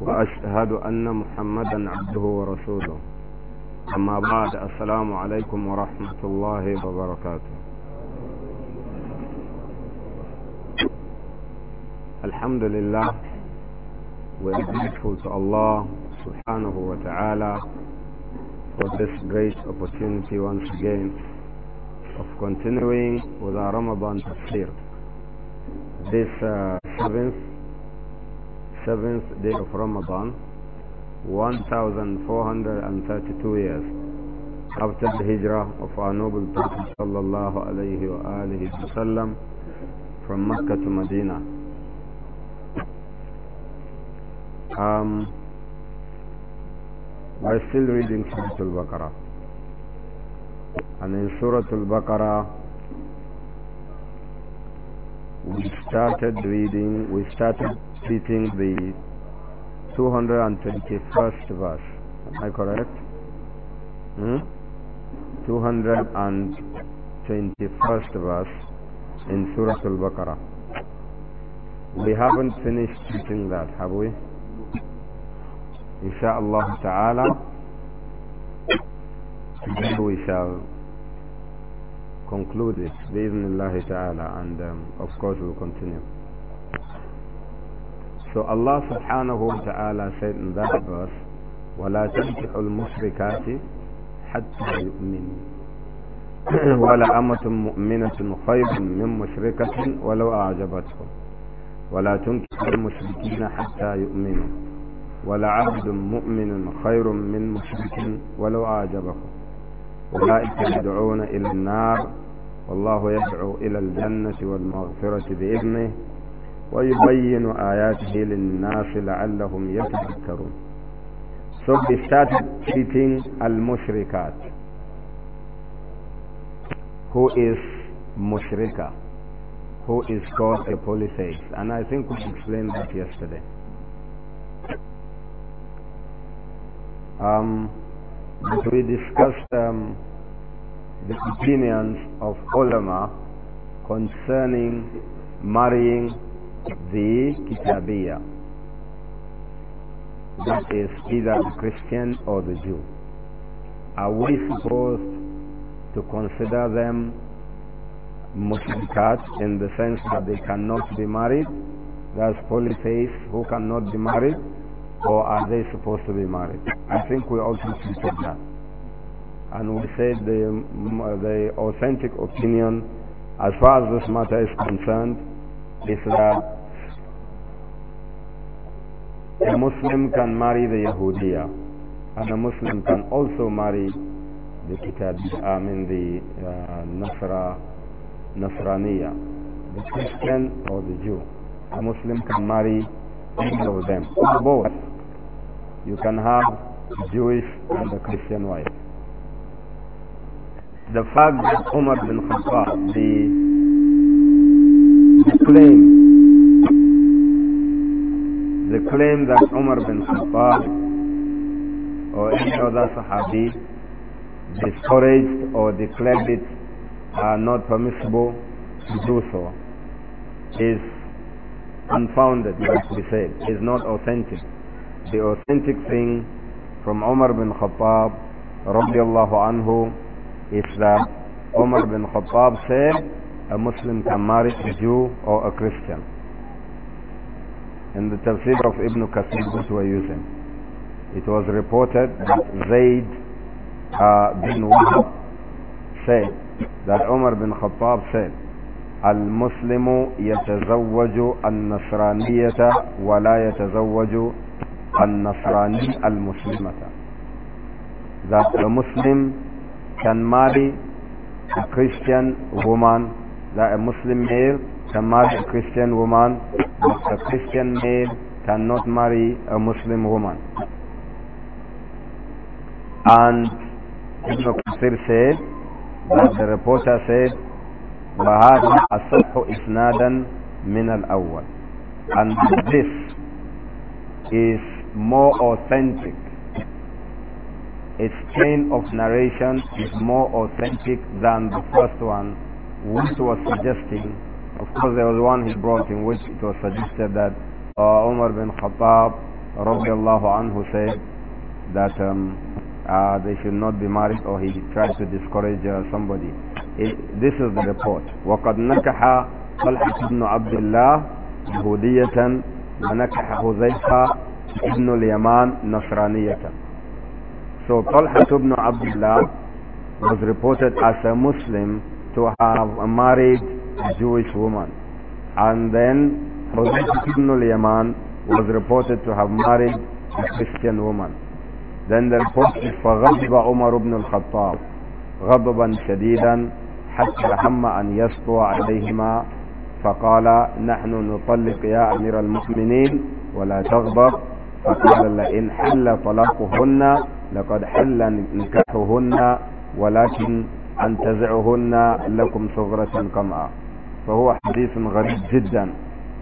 وأشهد أن محمدا عبده ورسوله أما بعد السلام عليكم ورحمة الله وبركاته الحمد لله We are grateful to Allah subhanahu wa ta'ala for this great opportunity once again of continuing with our Ramadan tafsir. This uh, seventh seventh day of Ramadan, 1432 years after the hijrah of our noble Prophet sallallahu alayhi wa wa wasallam from Mecca to Medina. Um, we're still reading Surah Al-Baqarah. And in Surah Al-Baqarah, we started reading, we started completing the 221st verse. Am I correct? Hmm? 221st verse in Surah Al-Baqarah. We haven't finished teaching that, have we? Inshallah ta'ala, today we shall conclude it, bismillah ta'ala, and um, of course we'll continue. So Allah subhanahu wa ta'ala said in that verse, وَلَا تَنْكِحُ الْمُشْرِكَاتِ حَتَّى يُؤْمِنِ وَلَا أَمَةٌ مُؤْمِنَةٌ خَيْرٌ مِّن مُشْرِكَةٍ وَلَوْ أَعْجَبَتْكُمْ وَلَا تُنْكِحُ الْمُشْرِكِينَ حَتَّى يُؤْمِنُوا عَبْدٌ مُؤْمِنٌ خَيْرٌ مِّن مُشْرِكٍ وَلَوْ أَعْجَبَكُمْ أولئك يدعون إلى النار والله يدعو إلى الجنة والمغفرة بإذنه ويبين آياته للناس لعلهم يتذكرون So they started treating al-mushrikat who is mushrika who is called a polytheist and I think we explained that yesterday um, but we discussed um, the opinions of ulama concerning marrying the Kitabiyah. That is either the Christian or the Jew. Are we supposed to consider them mushrikat in the sense that they cannot be married? There's polytheists who cannot be married, or are they supposed to be married? I think we also treated that. And we said the, the authentic opinion, as far as this matter is concerned, Islam. A Muslim can marry the Yahudiya, and a Muslim can also marry the Kitabiya, I mean the uh, Nasra, Nasraniya, the Christian or the Jew. A Muslim can marry any of them, or both. You can have Jewish and a Christian wife. The fact that Umar bin Khattab, the the claim, the claim that Umar bin Khattab or any other Sahabi discouraged or declared it uh, not permissible to do so is unfounded, let we said, is not authentic. The authentic thing from Umar bin Khattab radiallahu anhu is that Umar bin Khattab said, a Muslim can marry a Jew or a Christian. In the tafsir of Ibn Qasid that we're using, it was reported that Zayd uh, bin Wahab said that Umar bin Khattab said, "Al Muslimu wa la النصرانية al Nasrani al Muslimata. that a Muslim can marry a Christian woman that a Muslim male can marry a Christian woman, but a Christian male cannot marry a Muslim woman. And Ibn Qasir said that the reporter said, وَهَذَا أَصَحُ إِسْنَادًا مِنَ الْأَوَّلِ And this is more authentic. Its chain of narration is more authentic than the first one which was suggesting, of course there was one he brought in which it was suggested that uh, Umar bin Khattab radiallahu anhu said that um, uh, they should not be married or he tried to discourage uh, somebody. It, this is the report. وَقَدْ نَكَحَ طَلْحَةُ بْنُ عَبْدِ اللَّهِ يهودية ونكح ابن اليمان نصرانية. So Talha ibn Abdullah was reported as a Muslim to have a married Jewish woman. And then Hudayfah ibn al-Yaman was reported to have married a Christian woman. Then the report is فغضب عمر بن الخطاب غضبا شديدا حتى هم أن يسطو عليهما فقال نحن نطلق يا أمير المؤمنين ولا تغضب فقال لئن حل طلاقهن لقد حل نكاحهن ولكن أن تزعهن لكم صغرة قمعة فهو حديث غريب جدا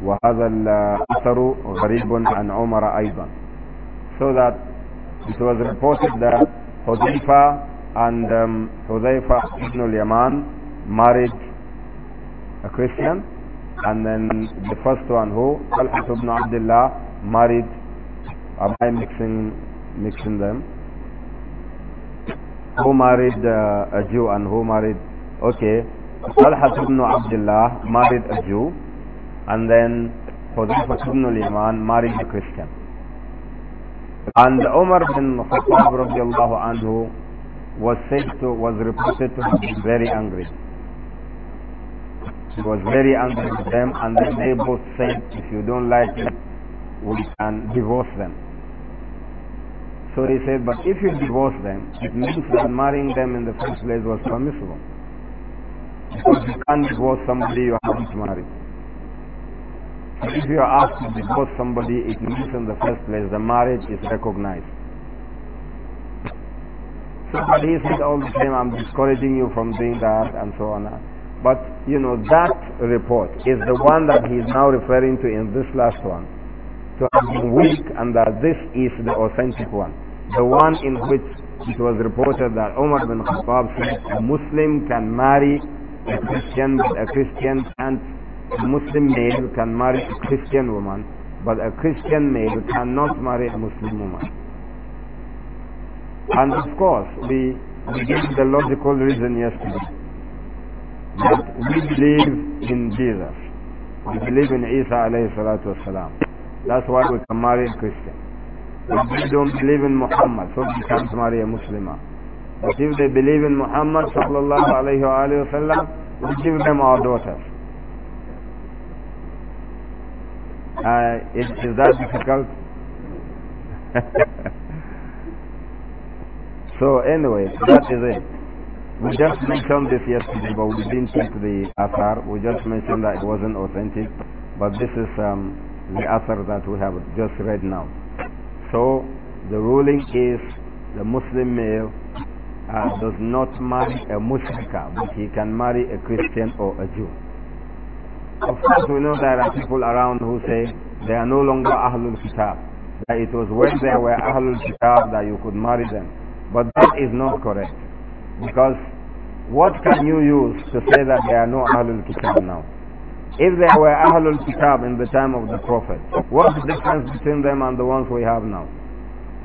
وهذا الأثر غريب عن عمر أيضا so that it was reported that Hudayfa and um, Hudayfa ibn al-Yaman married a Christian and then the first one who Talha ibn Abdullah married am I mixing mixing them who married uh, a Jew and who married, okay, Talha ibn Abdullah married a Jew and then Hudayfa ibn al-Yaman married a Christian. And Umar bin Khattab radiallahu anhu was said to, was reported to have been very angry. He was very angry with them and then they both said, if you don't like it, we can divorce them. So he said, but if you divorce them, it means that marrying them in the first place was permissible. Because you can't divorce somebody you haven't married. So if you are asked to divorce somebody, it means in the first place the marriage is recognized. So, but he said all the time, I'm discouraging you from doing that and so on. But, you know, that report is the one that he is now referring to in this last one. So I'm weak and that this is the authentic one the one in which it was reported that Umar bin Khattab said a Muslim can marry a Christian, but a Christian can't. a Muslim male can marry a Christian woman, but a Christian male cannot marry a Muslim woman. And of course, we, we gave the logical reason yesterday that we believe in Jesus. We believe in Isa alayhi salatu wasalam. That's why we can marry a Christian. If they don't believe in Muhammad, so they can't marry a Muslimah. But if they believe in Muhammad sallallahu alayhi wa sallam, we give them our daughter. Uh, is, is that difficult? so anyway, that is it. We just mentioned this yesterday, but we didn't take the asar. We just mentioned that it wasn't authentic, but this is um, the asar that we have just read now. So the ruling is the Muslim male uh, does not marry a mushrika, but he can marry a Christian or a Jew. Of course, we know there are people around who say they are no longer Ahlul Kitab. That it was when they were Ahlul Kitab that you could marry them. But that is not correct. Because what can you use to say that there are no Ahlul Kitab now? If there were Ahlul Kitab in the time of the Prophet, what's the difference between them and the ones we have now?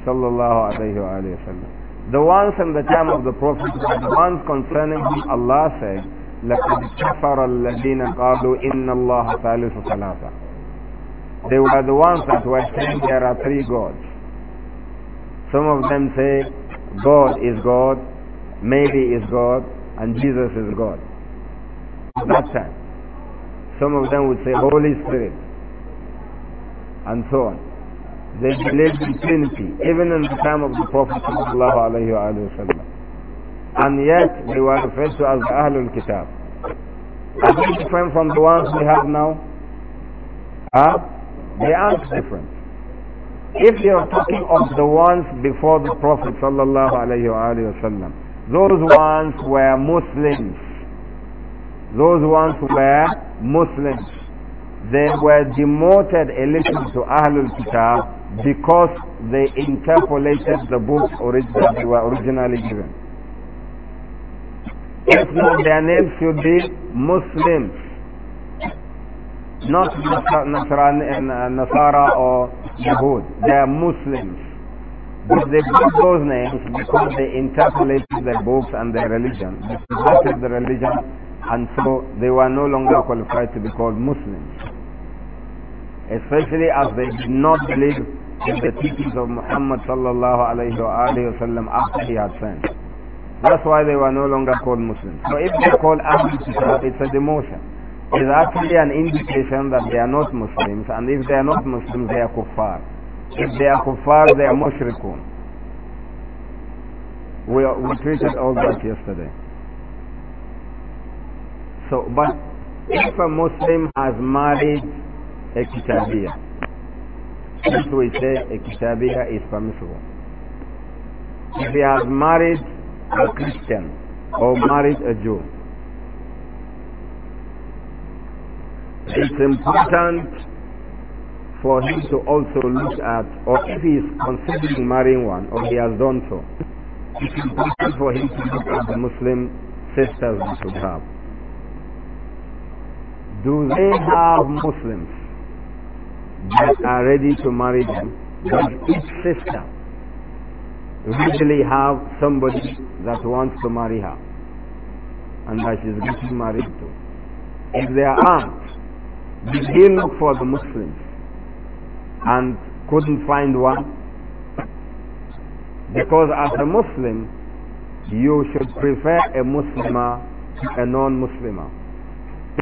Sallallahu The ones in the time of the Prophet were the ones concerning whom Allah said, لَقَدْ كَفَرَ الَّذِينَ قَالُوا إِنَّ اللَّهَ ثَالِثُ They were the ones that were saying there are three gods. Some of them say, God is God, Mary is God, and Jesus is God. that time. Some of them would say Holy Spirit, and so on. They believed in Trinity, even in the time of the Prophet And yet they were referred to as the Ahlul Kitab. Are they different from the ones we have now? Huh? They are different. If you are talking of the ones before the Prophet sallallahu alaihi wasallam, those ones were Muslims. Those ones were Muslims. They were demoted a little to Ahlul Kitab because they interpolated the books that they were originally given. If not, their names should be Muslims, not Nasara or Yahud. They are Muslims. But they got those names because they interpolated their books and their religion. That is the religion and so they were no longer qualified to be called Muslims. Especially as they did not believe in the teachings of Muhammad sallallahu alayhi wa after he had sent. That's why they were no longer called Muslims. So if they call Ahlul Kitab, it's a demotion. It's actually an indication that they are not Muslims, and if they are not Muslims, they are kuffar. If they are kuffar, they are mushrikun. We, we treated all that yesterday. So, but if a Muslim has married a Kitabiya, we say a Kitabiya is permissible. If he has married a Christian or married a Jew, it's important for him to also look at, or if he is considering marrying one, or he has done so, it's important for him to look at the Muslim sisters he should have do they have Muslims that are ready to marry them? Does each sister really have somebody that wants to marry her and that she's getting married to? If there aren't, did he look for the Muslims and couldn't find one? Because as a Muslim, you should prefer a Muslimah to a non-Muslimah.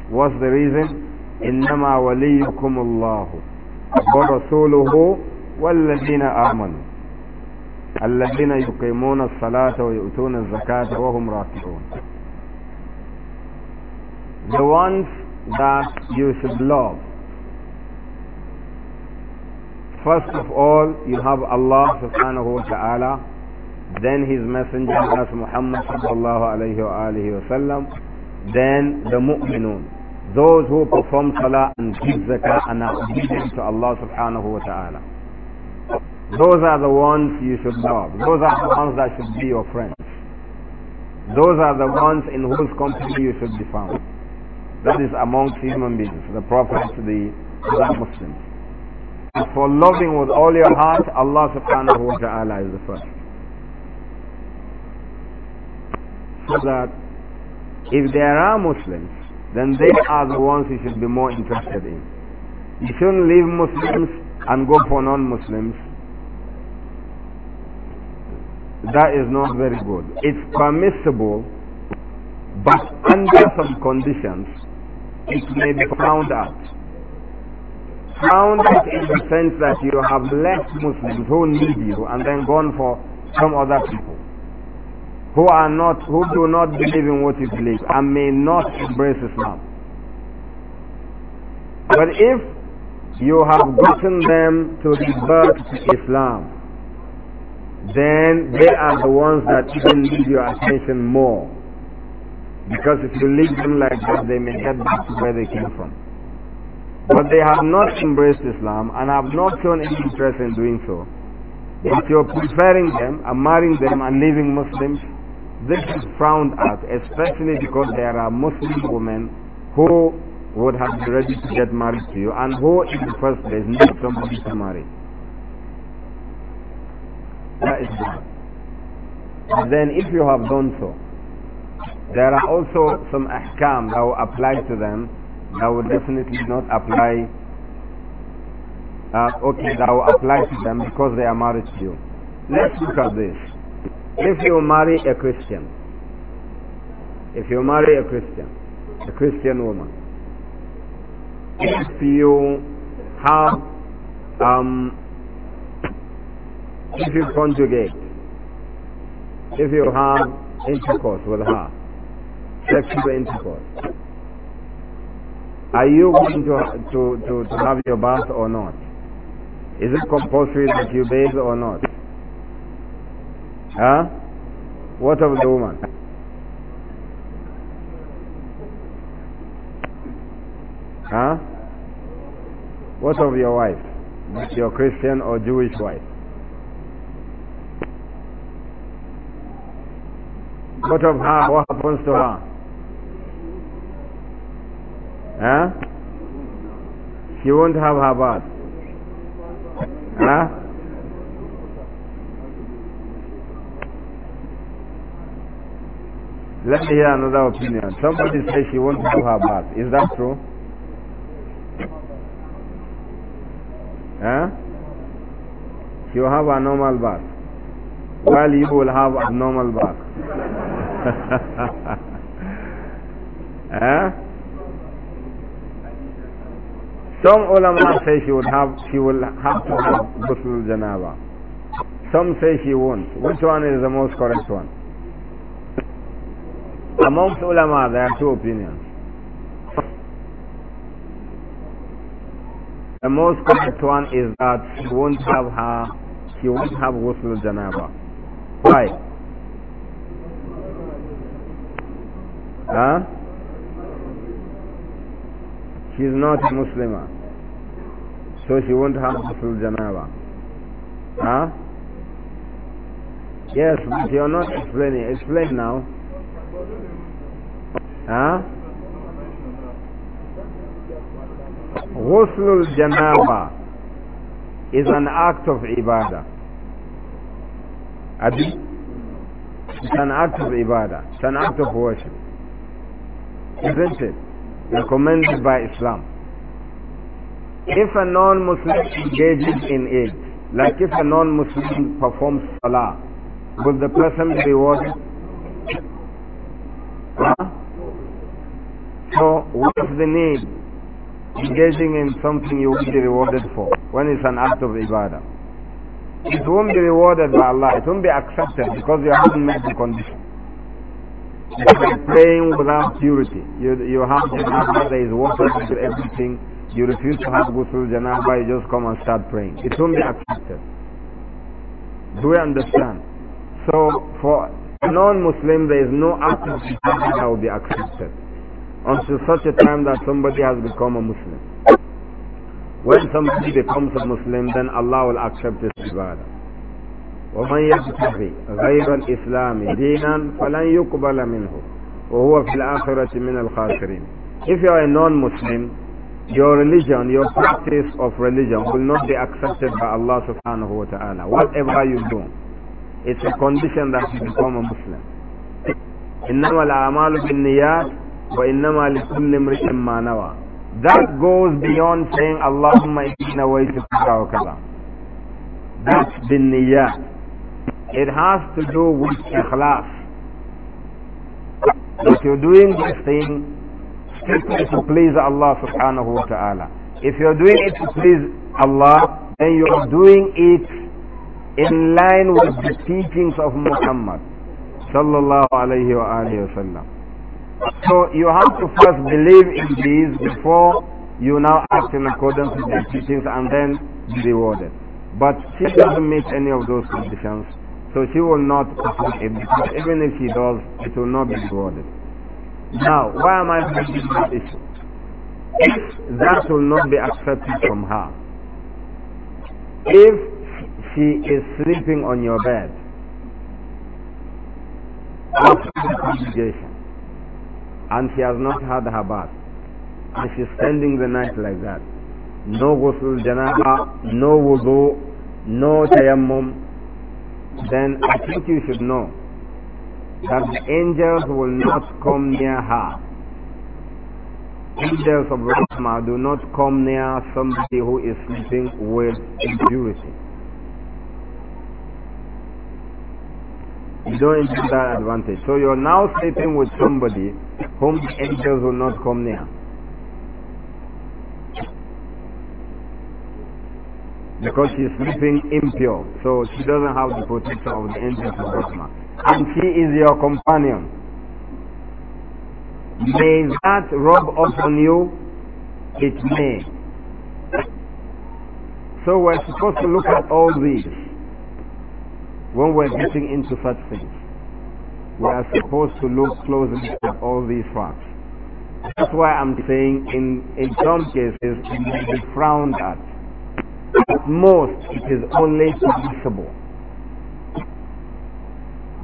What's the reason? إنما وليكم الله ورسوله والذين آمنوا الذين يقيمون الصلاة ويؤتون الزكاة وهم راكعون The ones that you should love First of all, you have Allah subhanahu wa ta'ala, then His Messenger, as Muhammad sallallahu alayhi wa alihi wa sallam, then the mu'minun, those who perform salah and give zakah and are obedient to Allah subhanahu wa ta'ala. Those are the ones you should love. Those are the ones that should be your friends. Those are the ones in whose company you should be found. That is amongst human beings, the prophets, the other Muslims. And for loving with all your heart, Allah subhanahu wa ta'ala is the first. So that if there are Muslims, then they are the ones you should be more interested in. You shouldn't leave Muslims and go for non-Muslims. That is not very good. It's permissible, but under some conditions, it may be found out. Found out in the sense that you have left Muslims who need you and then gone for some other people who are not, who do not believe in what you believe, and may not embrace Islam. But if you have gotten them to revert to Islam, then they are the ones that even need your attention more. Because if you leave them like that, they may get back to where they came from. But they have not embraced Islam and have not shown any interest in doing so. If you're preferring them and marrying them and leaving Muslims, this is frowned at, especially because there are Muslim women who would have been ready to get married to you and who in the first place need somebody to marry. That is bad. then if you have done so, there are also some ahkam that will apply to them that will definitely not apply uh, okay, that will apply to them because they are married to you. Let's look at this. If you marry a Christian, if you marry a Christian, a Christian woman, if you have, um, if you conjugate, if you have intercourse with her, sexual intercourse, are you going to, to, to, to have your bath or not? Is it compulsory that you bathe or not? Huh? What of the woman? Huh? What of your wife? Your Christian or Jewish wife? What of her? What happens to her? Huh? She won't have her bath. Huh? Let me hear another opinion. Somebody says she won't do her bath. Is that true? Huh? She will have a normal bath. While you will have abnormal bath. huh? Some ulama say she would have she will have to have ghusl janaba. Some say she won't. Which one is the most correct one? Amongst ulama, there are two opinions. The most correct one is that she won't have her, she won't have ghusl janaba. Why? Huh? She's not a Muslimah. So she won't have ghusl janaba. Huh? Yes, but you're not explaining. Explain now. Ah, Ghusl janaba is an act of ibadah. Abi? It's an act of ibadah. It's an act of worship. Isn't it? Recommended by Islam. If a non-Muslim engages in it, like if a non-Muslim performs salah, will the person be rewarded? So, what is the need? Engaging in something you will be rewarded for when it's an act of ibadah. It won't be rewarded by Allah. It won't be accepted because you haven't met the condition. It's like praying without purity. You, you have janaba, there is water into everything. You refuse to have ghusl janabah. you just come and start praying. It won't be accepted. Do we understand? So, for non-Muslim, there is no act of ibadah that will be accepted until such a time that somebody has become a Muslim. When somebody becomes a Muslim, then Allah will accept his ibadah. ومن يبتغي غير الإسلام دينا فلن يقبل منه وهو في الآخرة من الخاسرين If you are a non-Muslim, your religion, your practice of religion will not be accepted by Allah subhanahu wa ta'ala. Whatever you do, it's a condition that you become a Muslim. إنما الأعمال بالنيات وَإِنَّمَا لِكُلِّ مَّا نَوَى That goes beyond saying Allahumma inna wa kada kada. That's bin It has to do with ikhlas. That you're doing this thing strictly to please Allah subhanahu wa ta'ala. If you're doing it to please Allah, then you're doing it in line with the teachings of Muhammad sallallahu alayhi wa sallam. So you have to first believe in these before you now act in accordance with the teachings and then be rewarded. But she doesn't meet any of those conditions, so she will not perform it because even if she does, it will not be rewarded. Now, why am I bringing this issue? If that will not be accepted from her, if she is sleeping on your bed after the congregation, and she has not had her bath. And she's spending the night like that. No ghusl janaba, no wudu, no tayammum. Then I think you should know that the angels will not come near her. Angels of Rahmah do not come near somebody who is sleeping with impurity. You don't get that advantage. So you're now sleeping with somebody whom the angels will not come near. Because she's sleeping impure, so she doesn't have the protection of the angels of Rahmah. And she is your companion. May that rub off on you, it may. So we're supposed to look at all these when we're getting into such things we are supposed to look closely at all these facts. That's why I'm saying in, in some cases it may be frowned at. At most, it is only permissible.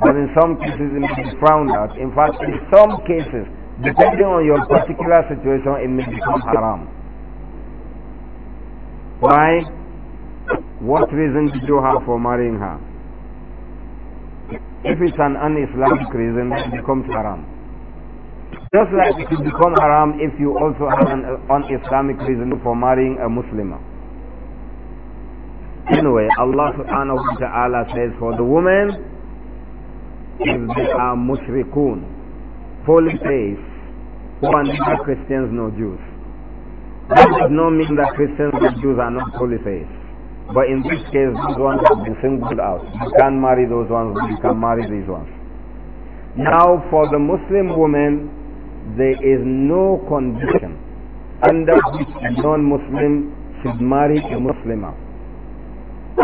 But in some cases, it may be frowned at. In fact, in some cases, depending on your particular situation, it may become haram. Why? What reason did you have for marrying her? If it's an un-Islamic reason, it becomes haram. Just like it will become haram if you also have an un-Islamic reason for marrying a Muslim. Anyway, Allah subhanahu wa ta'ala says for the women, if they are mushrikun, polytheists, who are neither Christians nor Jews. That does not mean that Christians and Jews are not polytheists. But in this case, those ones have been singled out. You can marry those ones, you can marry these ones. Now, for the Muslim woman, there is no condition under which a non-Muslim should marry a Muslimah.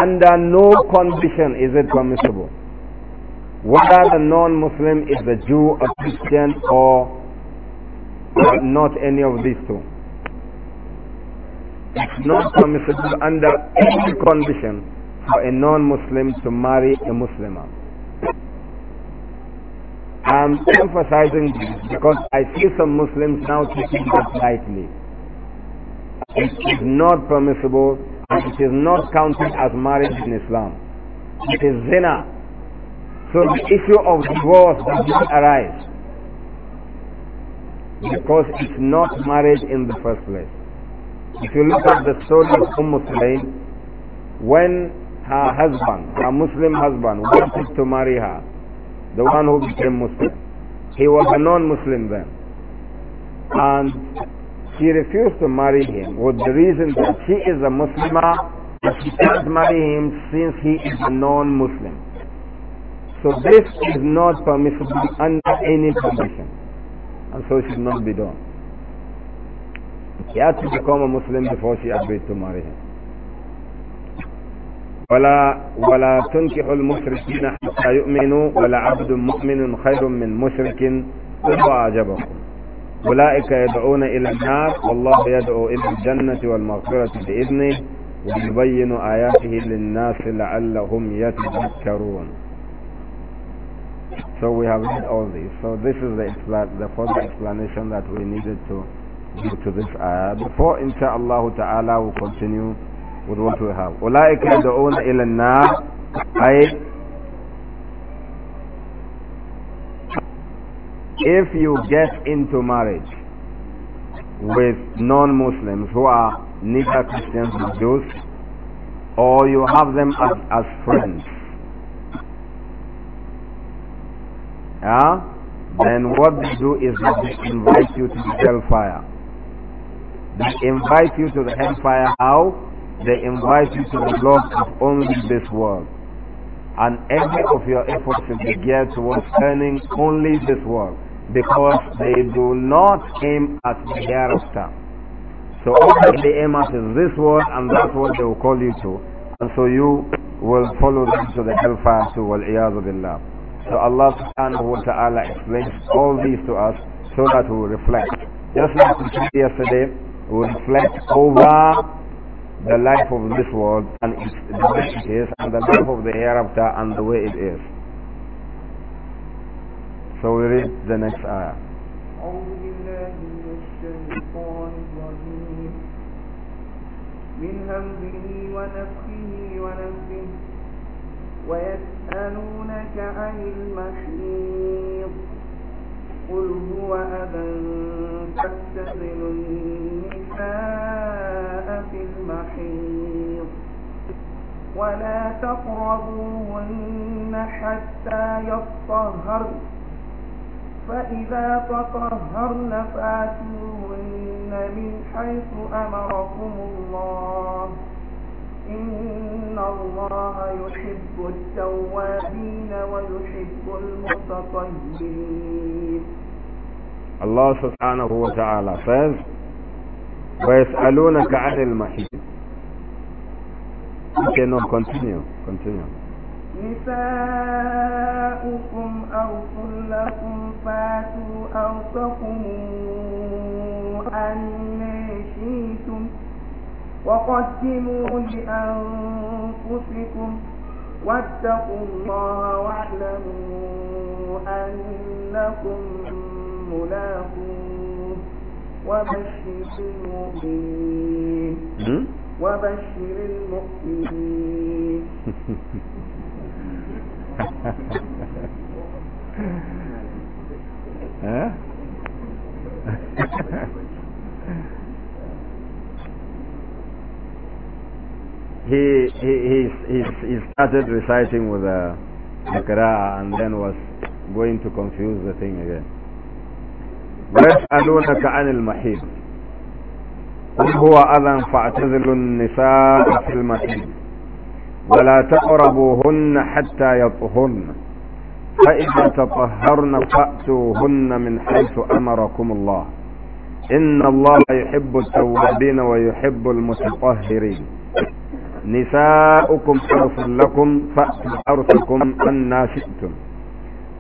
Under no condition is it permissible. Whether the non-Muslim is a Jew, a Christian, or not any of these two. It's not permissible under any condition for a non-Muslim to marry a Muslim. I'm emphasizing this because I see some Muslims now taking this lightly. It is not permissible and it is not counted as marriage in Islam. It is zina. So the issue of divorce does not arise because it's not marriage in the first place. If you look at the story of Umm Sulaim, when her husband, her Muslim husband, wanted to marry her, the one who became Muslim, he was a non-Muslim then. And she refused to marry him with the reason that she is a Muslimah and she can't marry him since he is a non-Muslim. So this is not permissible under any condition and so it should not be done. She had مسلم بفوشي a Muslim ولا ولا تنكح المشركين حتى يؤمنوا ولا عبد مؤمن خير من مشرك ولو أعجبكم أولئك يدعون إلى النار والله يدعو إلى الجنة والمغفرة بإذنه ويبين آياته للناس لعلهم يتذكرون So we have read all this. So this is the, the further explanation that we needed to due to this ayah. Before, insha'Allah ta'ala, we'll continue with what we have. أُولَٰئِكَ يَدْعُونَ إِلَى النَّارِ أي If you get into marriage with non-Muslims who are neither Christians nor Jews, or you have them as, as friends, yeah? then what they do is they invite you to the hellfire. They invite you to the hellfire. How? They invite you to the loss of only this world. And every of your efforts should be geared towards earning only this world. Because they do not aim at the hereafter. So all that they aim at is this world and that's what they will call you to. And so you will follow them to the hellfire too. Wal-iyadu billah. So Allah subhanahu wa ta'ala explains all these to us so that we reflect. Just like we said yesterday, we reflect over the life of this world and its, the way it is, and the life of the hereafter and the way it is. So we read the next ayah. ويسألونك عن المحيط قل هو أذى فاتخذوا النساء في المحيط ولا تقربوهن حتى يطهرن فإذا تطهرن فاتوهن من حيث أمركم الله إن الله يحب التوابين ويحب المتطهرين الله سبحانه وتعالى says ويسألونك عن المحيط Okay, no, continue, continue. نساؤكم أرسل لكم فاتوا أرسكم أن وقدموا لأنفسكم واتقوا الله واعلموا أنكم ملاقوه وبشر المؤمنين وبشر المؤمنين ها he he he he started reciting with the qira'ah and then was going to confuse the thing again yas'alunaka 'anil mahid qul huwa adhan fa'tazilun nisaa'a fil mahid wa la taqrabuhunna hatta yatahhurna fa idza tatahharna fa'tuhunna min haythu amarakum allah inna allaha yuhibbu at-tawwabina wa yuhibbu al-mutatahhirin نساؤكم حرص لكم فأتوا حرصكم أنا شئتم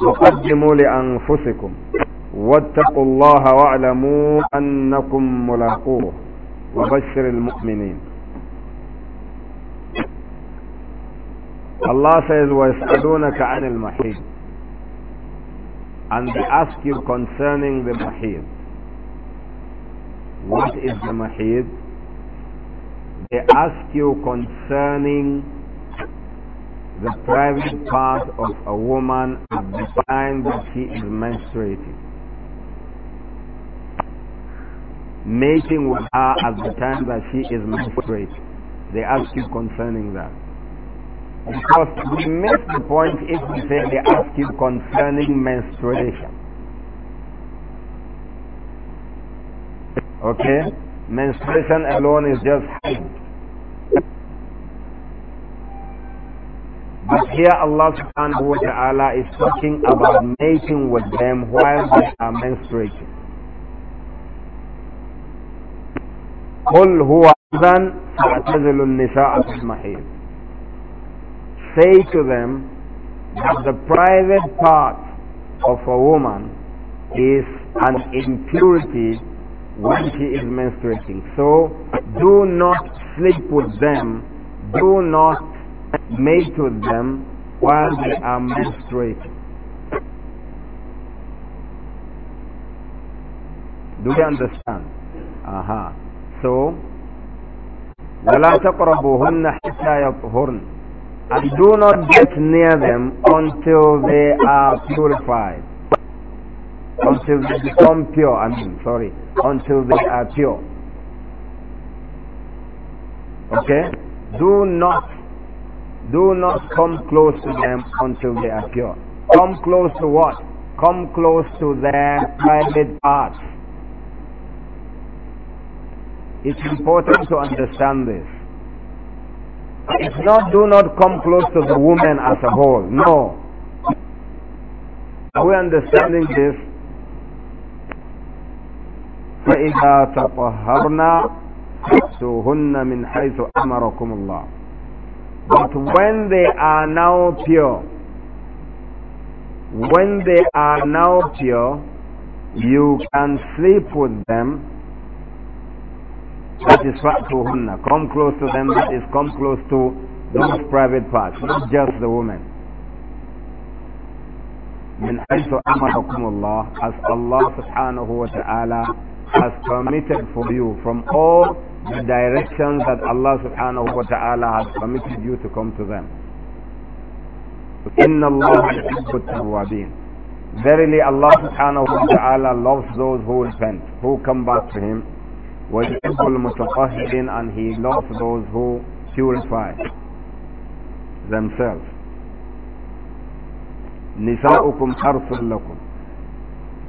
وقدموا لأنفسكم واتقوا الله واعلموا أنكم ملاقوه وبشر المؤمنين الله says وَيَسْأَلُونَكَ عَنِ المحيط And they ask you concerning the Mahid. What is the Mahid? They ask you concerning the private part of a woman at the time that she is menstruating. Mating with her at the time that she is menstruating. They ask you concerning that. Because we miss the point if we say they ask you concerning menstruation. Okay? menstruation alone is just hype. But here Allah subhanahu wa ta'ala is talking about mating with them while they are menstruating. قل هو أذن النساء في المحيط. Say to them that the private part of a woman is an impurity when she is menstruating. So do not sleep with them, do not mate with them while they are menstruating. Do you understand? Aha. Uh-huh. So, وَلَا تَقْرَبُوهُنَّ حَتَّى يَطْهُرْنَ And do not get near them until they are purified until they become pure, I mean, sorry, until they are pure. Okay? Do not, do not come close to them until they are pure. Come close to what? Come close to their private parts. It's important to understand this. It's not do not come close to the woman as a whole. No. Are we understanding this? فإذا تطهرنا فأتوهن من حيث أمركم الله But when they are now pure, when they are now pure, you can sleep with them. That is فأتوهن. Come close to them. That is come close to those private parts, not just the women. من حيث أمركم الله as Allah subhanahu wa ta'ala has permitted for you from all the directions that Allah subhanahu wa ta'ala has permitted you to come to them. Inna اللَّهَ Verily Allah subhanahu wa ta'ala loves those who repent, who come back to Him. وَيُحِبُّ الْمُتَطَهِّرِينَ And He loves those who purify themselves. نِسَاؤُكُمْ حَرْثٌ لَكُمْ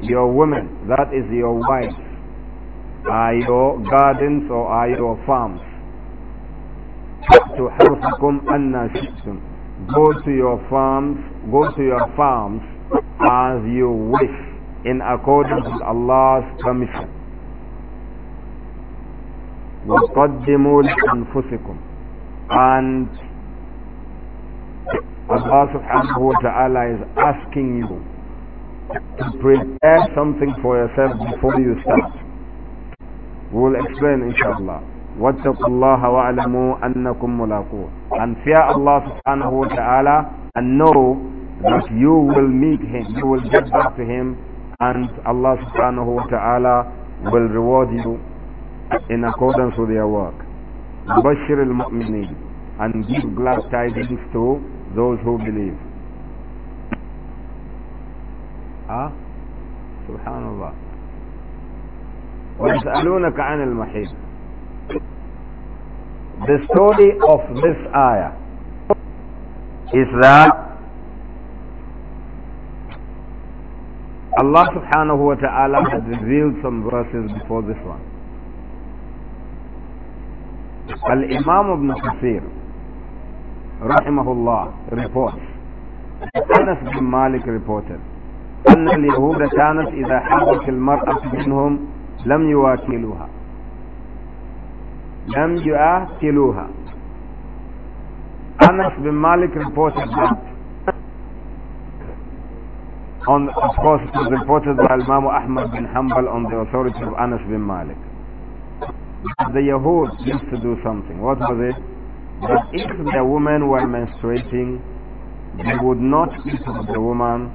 Your women, that is your wives, are your gardens or are your farms. Go to your farms, go to your farms as you wish in accordance with Allah's permission. وقدموا لأنفسكم and Allah subhanahu wa ta'ala is asking you to prepare something for yourself before you start. We'll explain inshallah. واتقوا الله واعلموا أنكم ملاقوه and fear Allah subhanahu wa ta'ala and know that you will meet him you will get back to him and Allah subhanahu wa ta'ala will reward you in accordance with your work بشر المؤمنين and give glad tidings to those who believe ah subhanallah ويسألونك عن المحيط The story of this ayah is that Allah subhanahu wa ta'ala had revealed some verses before this one. Al-Imam ibn Qasir rahimahullah reports Anas bin Malik reported أن اليهود كانت إذا حاضت المرأة منهم لم يواكلوها لم يواكلوها Anas bin Malik reported that on, of course it was reported by Imam Ahmad bin Hanbal on the authority of Anas bin Malik the Yahud used to do something what was it? that if the women were menstruating they would not eat with the woman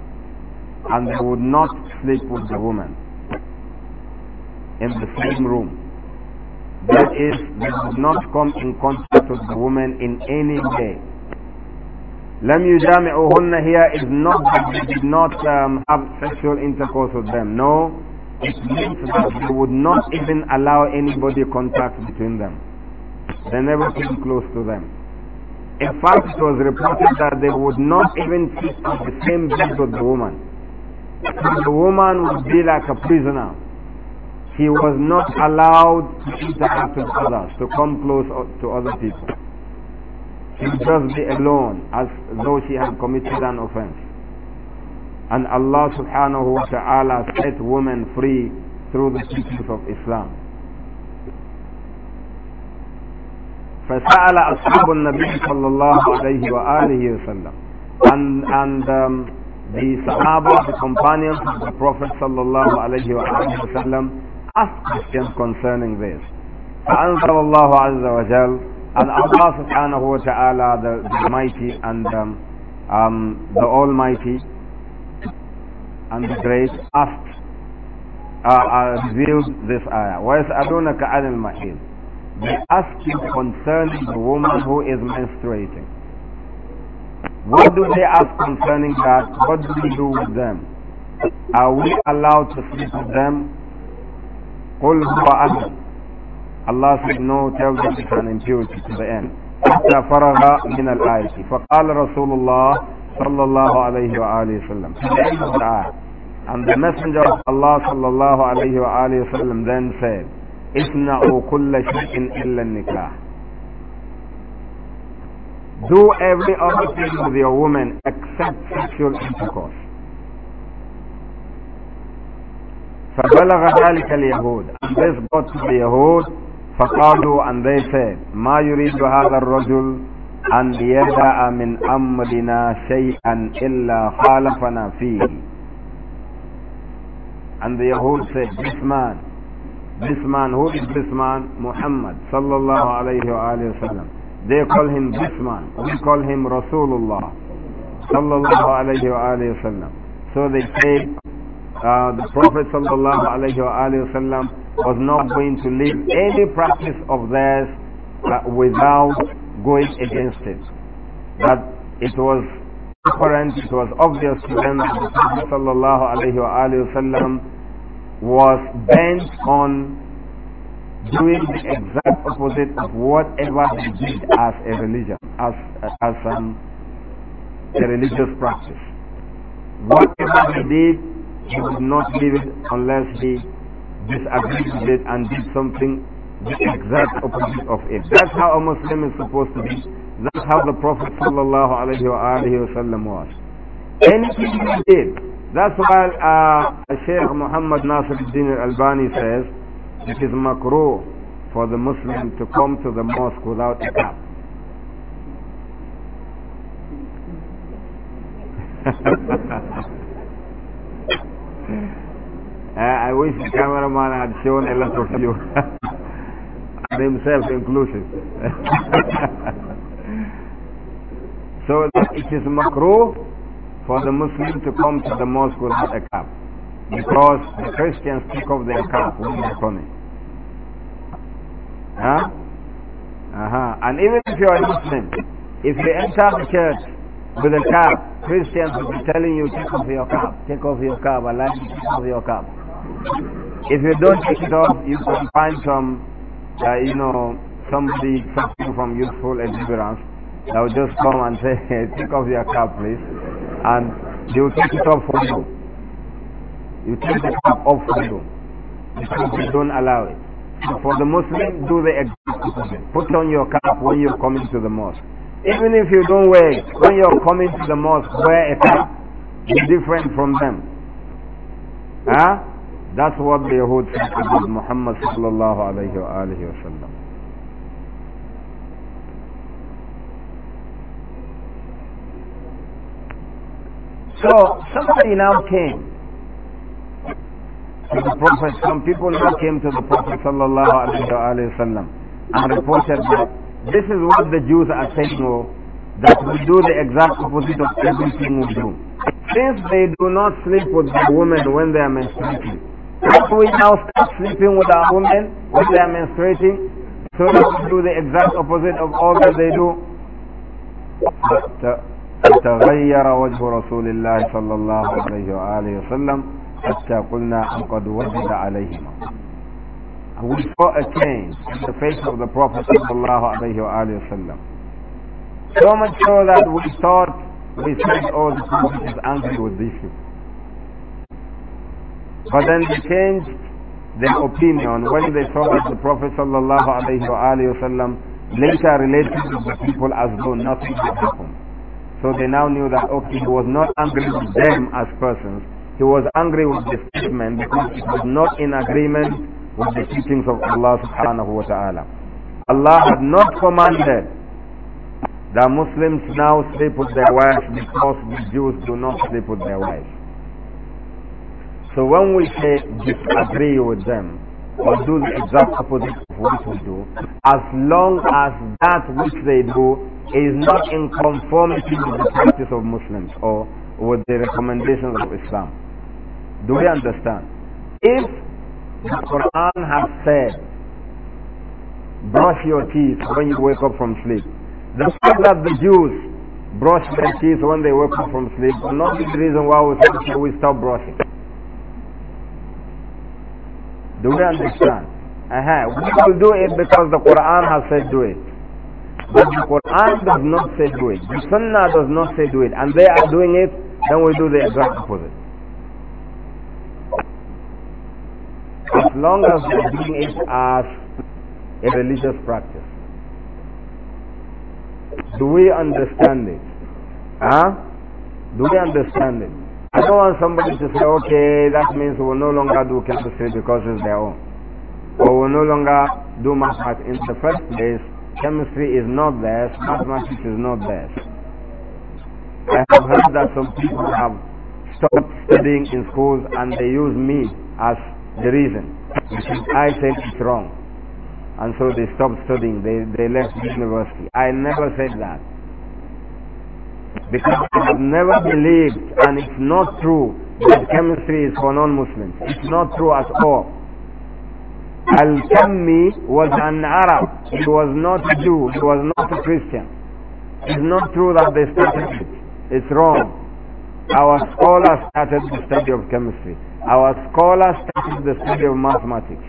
and they would not sleep with the woman in the same room. That is, they would not come in contact with the woman in any way. لم يجامعوهن here is not that they did not um, have sexual intercourse with them. No, it means that they would not even allow anybody contact between them. They never came close to them. In fact, it was reported that they would not even sit on the same bed with the woman. So the woman would be like a prisoner he was not allowed to interact with others, to come close to other people. She would just be alone as though she had committed an offense. And Allah subhanahu wa ta'ala set women free through the teachings of Islam. فسأل أصحاب النبي صلى الله عليه وآله وسلم and, and um, the Sahaba, the companions of the Prophet صلى الله عليه وآله وسلم Ask questions concerning this. فأنزل الله عز وجل and Allah subhanahu wa ta'ala the, the mighty and um, um, the almighty and the great asked uh, uh, revealed this ayah وَيَسْأَلُونَكَ عَنِ الْمَحِيلِ they ask you concerning the woman who is menstruating what do they ask concerning that what do we do with them are we allowed to sleep with them قل هو Allah said no tell them it's an impurity to the end حتى فرغ من الآية فقال رسول الله صلى الله عليه وآله وسلم And the messenger of Allah صلى الله عليه وآله وسلم then said اصنعوا كل شيء إلا النكاح Do every other thing with your woman except sexual intercourse. فبلغ ذلك اليهود and this got to فقالوا and they said ما يريد هذا الرجل أن يدع من أمرنا شيئا إلا خالفنا فيه and the يهود said this man this man who is this man محمد صلى الله عليه وآله وسلم they call him this man we call him رسول الله صلى الله عليه وآله وسلم so they said Uh, the Prophet sallallahu wasallam was not going to leave any practice of theirs without going against it. That it was apparent, it was obvious to them that the Prophet wasallam was bent on doing the exact opposite of whatever they did as a religion, as as um, a religious practice. Whatever they did he would not leave it unless he disagreed with it and did something the exact opposite of it. That's how a Muslim is supposed to be. That's how the Prophet sallallahu alaihi was. Anything he did. That's why uh, Shaykh Muhammad Nasiruddin al-Din al-Albani says it is makruh for the Muslim to come to the mosque without a cap. Ha ha ha ha. Eh, I wish the cameraman had shown a lot of you, and himself inclusive. so it is makruh for the Muslim to come to the mosque without a cap, because the Christians speak off their cap when they come Huh? Uh-huh. And even if you are a Muslim, if you enter the church with a cap. Christians will be telling you, take off your cap, take off your cap, Allah, take off your cap. If you don't take it off, you can find some, uh, you know, somebody something from youthful exuberance that will just come and say, take off your cap, please. And they will take it off for you. You take the cap off for you because you don't allow it. So for the Muslim, do the exact opposite. Put on your cap when you're coming to the mosque. Even if you don't wear it, when you're coming to the mosque, wear it. Be different from them. Huh? That's what the Yahud said about Muhammad sallallahu alayhi wa alayhi wa sallam. So somebody now came to the Prophet, some people now came to the Prophet sallallahu alayhi wa sallam and reported that this is what the Jews are saying, oh, that we do the exact opposite of everything we do. Since they do not sleep with the women when they are menstruating, can't we now start sleeping with our women when they are menstruating so that we do the exact opposite of all that they do? تغير وجه رسول الله صلى الله عليه وآله وسلم حتى قلنا أن قد وجد عليهما we saw a change in the face of the Prophet So much so that we thought, we said, oh, the Prophet is angry with this. people. But then they changed their opinion when they saw that the Prophet sallallahu later related to the people as though nothing had happened. So they now knew that, okay, he was not angry with them as persons. He was angry with the statement because it was not in agreement with the teachings of Allah subhanahu wa ta'ala. Allah had not commanded that Muslims now sleep with their wives because the Jews do not sleep with their wives. So when we say disagree with them, or do the exact opposite of what we do, as long as that which they do is not in conformity with the practice of Muslims or with the recommendations of Islam. Do we understand? If the Quran has said, brush your teeth when you wake up from sleep. The fact that the Jews brush their teeth when they wake up from sleep is not the reason why we say we stop brushing. Do we understand? Uh-huh. We will do it because the Quran has said do it. But the Quran does not say do it. The Sunnah does not say do it. And they are doing it, then we do the exact opposite. as long as we are doing it as a religious practice. Do we understand it? Huh? Do we understand it? I don't want somebody to say, okay, that means we'll no longer do chemistry because it's their own. Or we'll no longer do mathematics. In the first place, chemistry is not theirs, mathematics is not theirs. I have heard that some people have stopped studying in schools and they use me as the reason. I said it's wrong. And so they stopped studying. They, they left the university. I never said that. Because I have never believed, and it's not true, that chemistry is for non-Muslims. It's not true at all. Al-Kammi was an Arab. He was not a Jew. He was not a Christian. It's not true that they started it. It's wrong. Our scholars started the study of chemistry our scholars started the study of mathematics.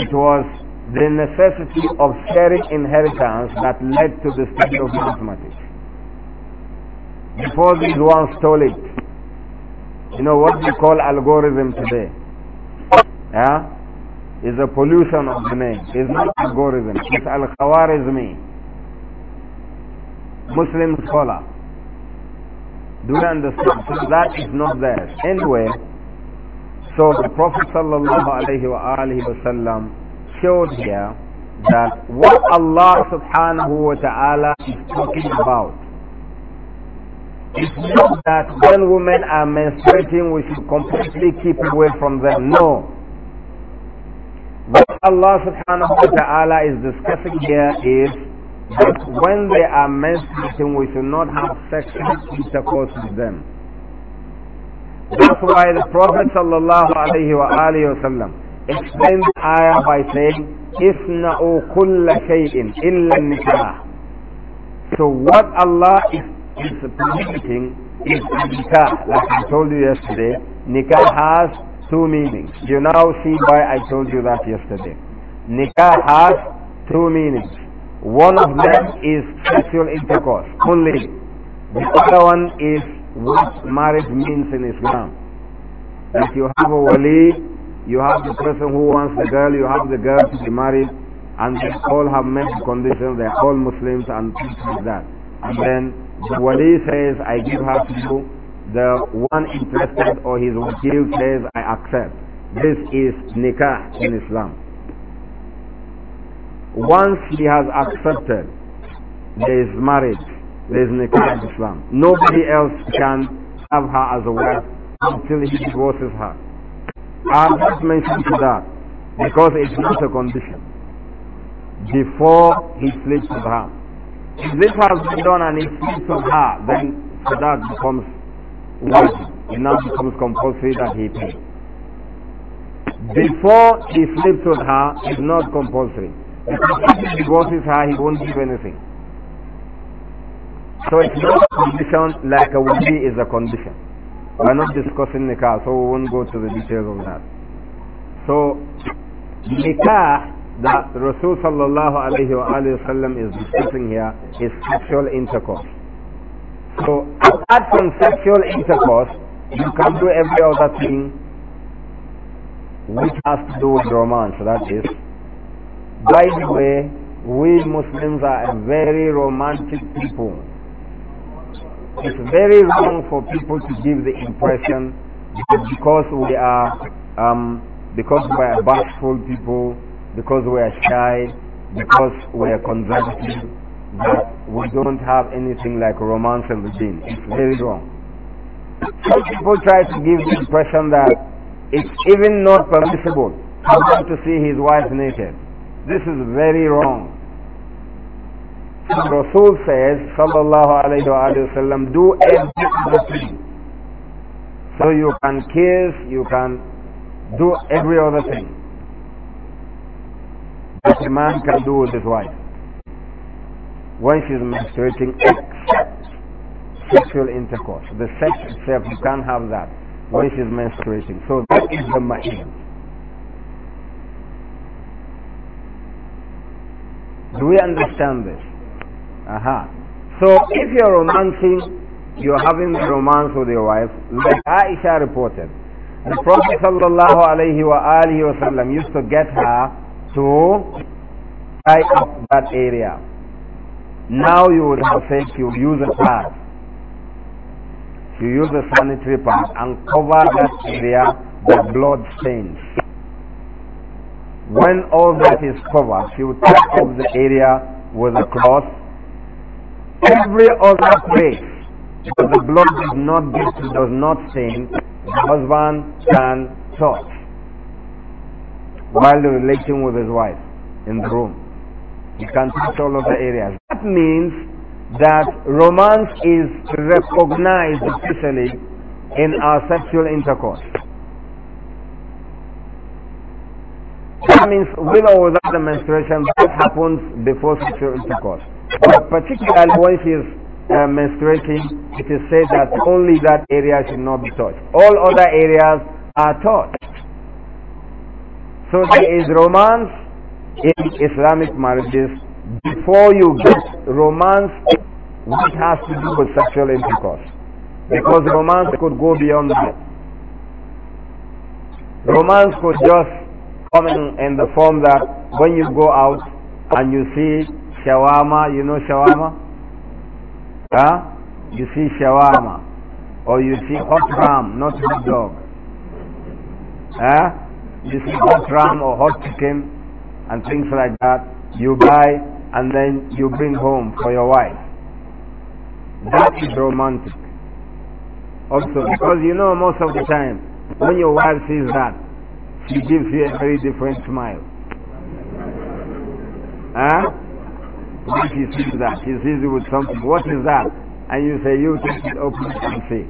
It was the necessity of sharing inheritance that led to the study of mathematics. Before these ones stole it. You know what we call algorithm today? Yeah? Is a pollution of the name. It's not algorithm. It's al-Khwarizmi. Muslim scholar. Do you understand? So that is not there Anyway, so the Prophet ﷺ showed here that what Allah subhanahu wa ta'ala is talking about is not that when women are menstruating we should completely keep away from them. No. What Allah subhanahu wa ta'ala is discussing here is that when they are menstruating we should not have sexual intercourse with them. That's why the Prophet sallallahu alayhi wa explained the ayah by saying, إِثْنَعُوا كُلَّ شَيْءٍ إِلَّا النِّكَاحِ So what Allah is, is prohibiting is nikah. Like I told you yesterday, nikah has two meanings. You now see why I told you that yesterday. Nikah has two meanings. One of them is sexual intercourse only. The other one is what marriage means in Islam. If you have a wali, you have the person who wants the girl, you have the girl to be married, and they all have met the conditions, they're all Muslims and things like that. And then the wali says, I give her to you. The one interested or his wakil says, I accept. This is nikah in Islam. Once he has accepted, there is marriage. There's an nikah Islam. Nobody else can have her as a wife until he divorces her. i am just mentioning to that because it's not a condition before he sleeps with her. If this has been done and he sleeps with her, then that becomes wajib. It now becomes compulsory that he pays. Before he sleeps with her, it's not compulsory. Because if he divorces her, he won't give anything. So it's not a condition like a wali is a condition. We're not discussing nikah, so we won't go to the details of that. So, nikah that Rasul sallallahu alayhi wa sallam is discussing here is sexual intercourse. So, apart from sexual intercourse, you can do every other thing which has to do with romance, that is. By the way, we Muslims are a very romantic people. It's very wrong for people to give the impression that because we are um, because we are bashful people, because we are shy, because we are conservative, that we don't have anything like romance in the It's very wrong. Some people try to give the impression that it's even not permissible for to see his wife naked. This is very wrong. Rasul says, sallallahu alayhi wasallam, do thing, So you can kiss, you can do every other thing that a man can do with his wife when she's menstruating except sexual intercourse. The sex itself, you can't have that when she's menstruating. So that is the ma'in. Do we understand this? Aha. Uh-huh. So if you're romancing, you're having the romance with your wife, like Aisha reported, the Prophet sallallahu alayhi wa used to get her to tie up that area. Now you would have said you use a pad. You use a sanitary pad and cover that area with blood stains. When all that is covered, she would tie up the area with a cloth every other place but the blood does not get does not stain, the husband can touch while relating with his wife in the room. He can touch all other areas. That means that romance is recognized officially in our sexual intercourse. That means with or without the menstruation, that happens before sexual intercourse. But particularly when she is uh, menstruating, it is said that only that area should not be touched. All other areas are touched. So there is romance in Islamic marriages before you get romance it has to do with sexual intercourse. Because romance could go beyond that. Romance could just come in, in the form that when you go out and you see shawama, you know shawama? Huh? You see shawama. Or you see hot ram, not hot dog. Huh? You see hot ram or hot chicken and things like that. You buy and then you bring home for your wife. That is romantic. Also, because you know most of the time, when your wife sees that, she gives you a very different smile. Huh? What is he sees that? He sees you with something. What is that? And you say, you take it, open it and see.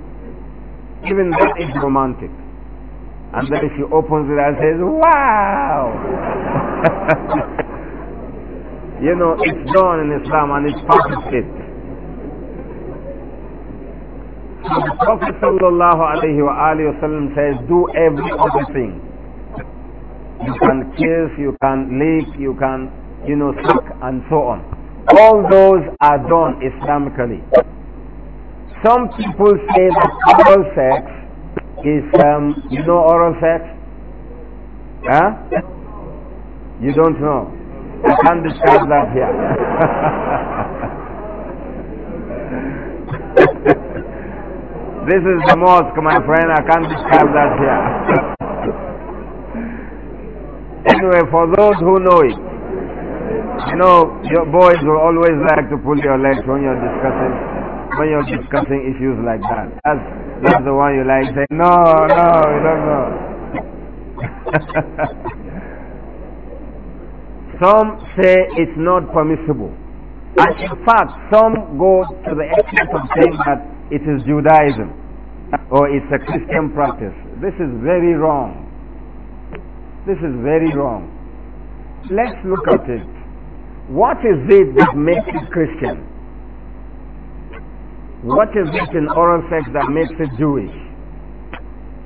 Even that is romantic. And then she opens it and says, wow! you know, it's done in Islam and it's part of it. So the Prophet sallallahu alayhi wa says, do every other thing. You can kiss, you can lick, you can, you know, suck and so on. All those are done Islamically. Some people say that oral sex is, um, you know oral sex? Huh? You don't know. I can't describe that here. This is the mosque, my friend. I can't describe that here. anyway, for those who know it, you know, your boys will always like to pull your legs when you're discussing when you're discussing issues like that. That's that's the one you like saying, No, no, you don't know. some say it's not permissible. And in fact, some go to the extent of saying that it is Judaism or it's a Christian practice. This is very wrong. This is very wrong. Let's look at it what is it that makes it Christian? What is it in oral sex that makes it Jewish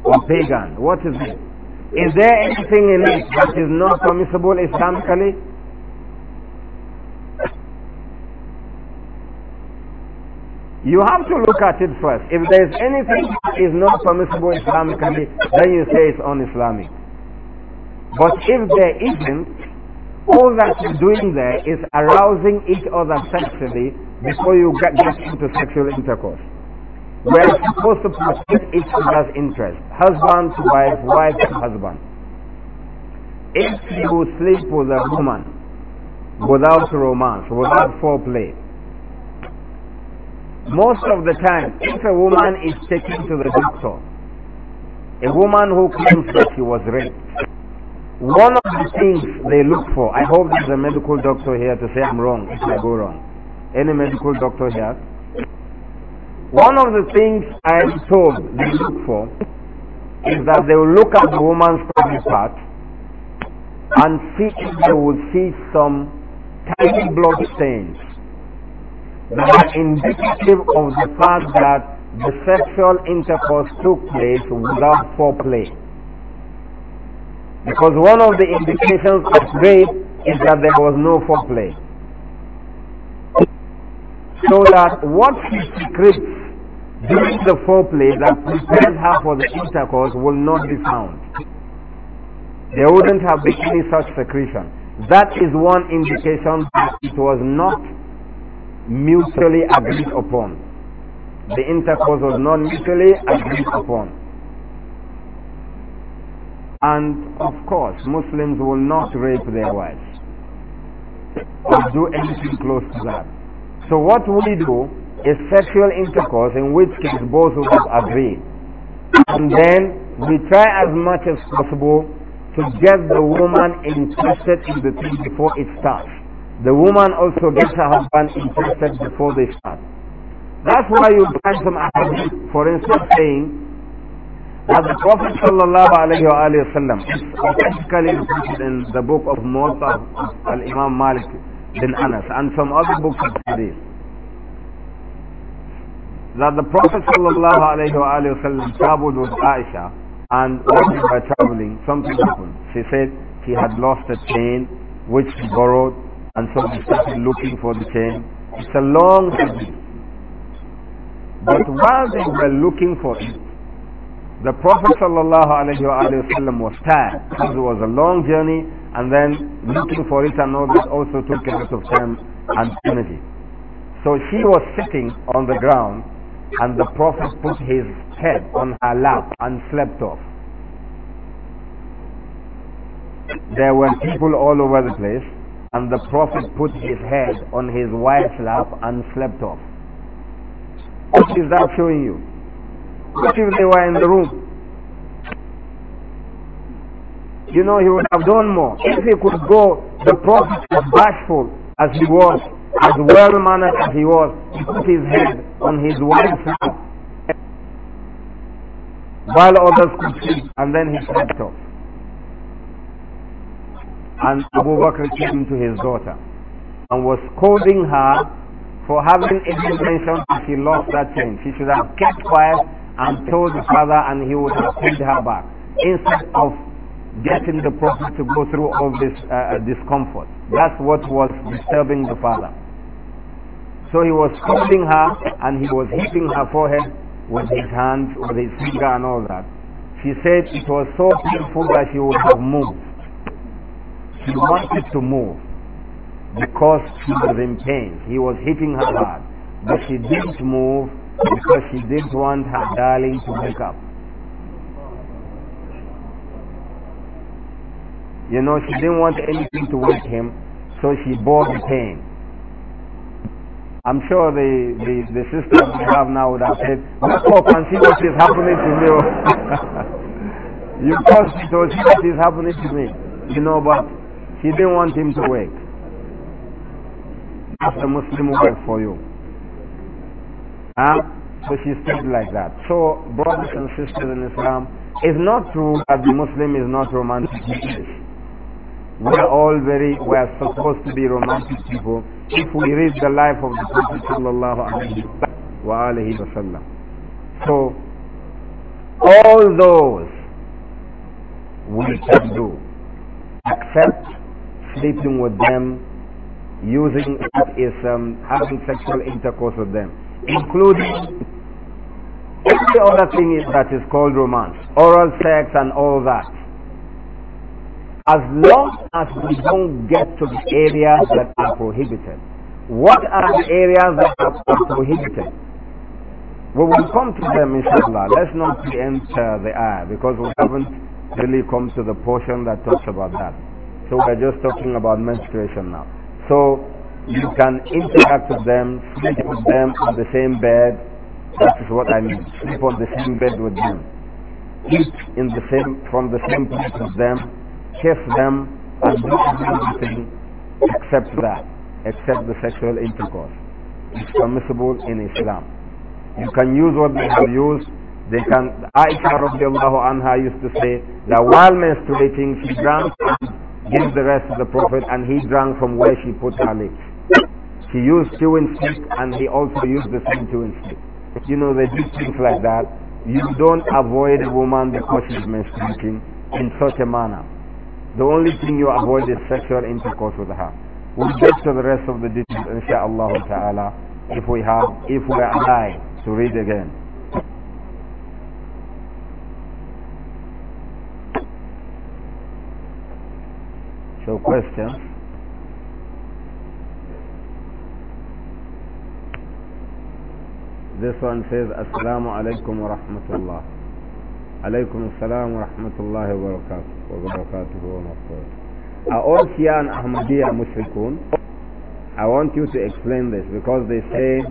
or pagan? What is it? Is there anything in it that is not permissible Islamically? You have to look at it first. If there's anything that is not permissible Islamically, then you say it's un-Islamic. But if there isn't, all that you're doing there is arousing each other sexually before you get, get into sexual intercourse. We're supposed to protect each other's interest, husband to wife, wife to husband. If you sleep with a woman without romance, without foreplay, most of the time, if a woman is taken to the doctor, a woman who claims that she was raped, one of the things they look for, I hope there's a medical doctor here to say I'm wrong if I go wrong. Any medical doctor here? One of the things I am told they look for is that they will look at the woman's private part and see if they will see some tiny blood stains that are indicative of the fact that the sexual intercourse took place without foreplay. Because one of the indications of rape is that there was no foreplay. So that what she secretes during the foreplay that prepares her for the intercourse will not be found. There wouldn't have been any such secretion. That is one indication that it was not mutually agreed upon. The intercourse was not mutually agreed upon. And of course, Muslims will not rape their wives or do anything close to that. So what we do is sexual intercourse in which case both of us agree. And then we try as much as possible to get the woman interested in the thing before it starts. The woman also gets her husband interested before they start. That's why you find some ahadith, for instance, saying that the Prophet sallallahu alayhi wa sallam is authentically reported in the book of Muwatta Al-Imam Malik bin Anas and some other books of hadith. That the Prophet sallallahu alayhi wa sallam traveled with Aisha and while they were traveling, something happened. She said he had lost a chain which he borrowed and so he started looking for the chain. It's a long hadith. But while they were looking for it, the Prophet ﷺ was tired because it was a long journey and then looking for it and all that also took a lot of time and energy. So she was sitting on the ground and the Prophet put his head on her lap and slept off. There were people all over the place and the Prophet put his head on his wife's lap and slept off. What is that showing you? What if they were in the room? You know, he would have done more. If he could go, the Prophet was bashful as he was, as well-mannered as he was, he put his head on his wife's lap while others could sleep, and then he slept off. And Abu Bakr came to his daughter and was scolding her for having even mentioned that she lost that chain. She should have kept quiet and told the father and he would have paid her back instead of getting the prophet to go through all this uh, uh, discomfort. That's what was disturbing the father. So he was scolding her and he was hitting her forehead with his hands, with his finger and all that. She said it was so painful that she would have moved. She wanted to move because she was in pain. He was hitting her hard. But she didn't move because she didn't want her darling to wake up. You know, she didn't want anything to wake him, so she bore the pain. I'm sure the, the, the sister we have now would have said, Wake up and see what is happening to me. you can to see what is happening to me. You know, but she didn't want him to wake. That's a Muslim word for you. Huh? So she stayed like that. So, brothers and sisters in Islam, it's not true that the Muslim is not romantic. We are all very, we are supposed to be romantic people if we read the life of the Prophet sallallahu alaihi wasallam. So, all those we can do, except sleeping with them, using that is um, having sexual intercourse with them including every other thing that is called romance, oral sex and all that. As long as we don't get to the areas that are prohibited. What are the areas that are prohibited? We will come to them inshallah. Let's not enter the eye because we haven't really come to the portion that talks about that. So we're just talking about menstruation now. So you can interact with them, sleep with them on the same bed. That is what I mean. Sleep on the same bed with them. Eat in the same, from the same plate with them. Kiss them and do everything except that, except the sexual intercourse. It's permissible in Islam. You can use what they have used they can Aisha radiallahu anha used to say that while menstruating she drank and gave the rest to the Prophet and he drank from where she put her lips. He used chewing stick and he also used the same chewing stick. You know, they do things like that. You don't avoid a woman because she's menstruating in such a manner. The only thing you avoid is sexual intercourse with her. We'll get to the rest of the details, insha'Allah, ta'ala, if we have, if we're alive to read again. So questions? This one says, Assalamu alaikum wa rahmatullah. Alaikum assalam wa rahmatullahi wa barakatuh. Wa barakatuh wa barakatuh. Are all Shia and Ahmadiyya I want you to explain this because they say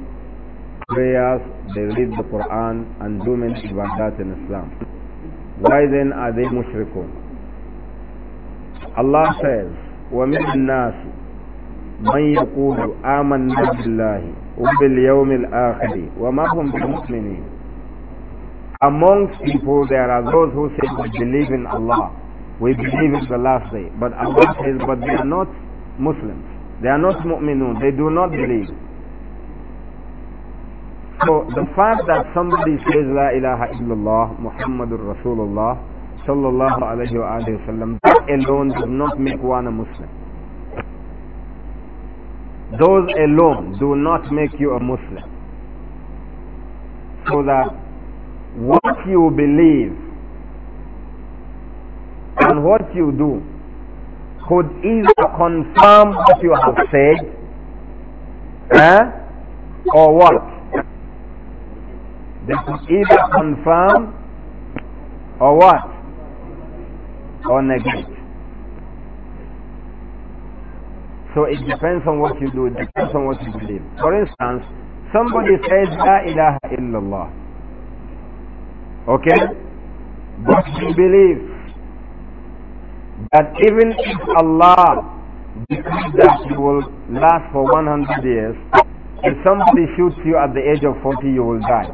prayers, they read the Quran and do many ibadat in Islam. Why then are they mushrikun? Allah says, وَمِنَ النَّاسِ مَنْ يَقُولُ آمَنَّا بِاللَّهِ وباليوم الآخر وما هم بمؤمنين Amongst people there are those who say we believe in Allah, we believe in the last day, but Allah says but they are not Muslims, they are not mu'minun, they do not believe. So the fact that somebody says La ilaha illallah Muhammadur Rasulullah sallallahu alayhi wa sallam, that alone does not make one a Muslim. Those alone do not make you a Muslim. So that what you believe and what you do could either confirm what you have said eh, or what? They could either confirm or what? Or negate. So it depends on what you do, it depends on what you believe. For instance, somebody says La ilaha illallah. Okay? But you believe that even if Allah decrees that you will last for 100 years, if somebody shoots you at the age of 40, you will die.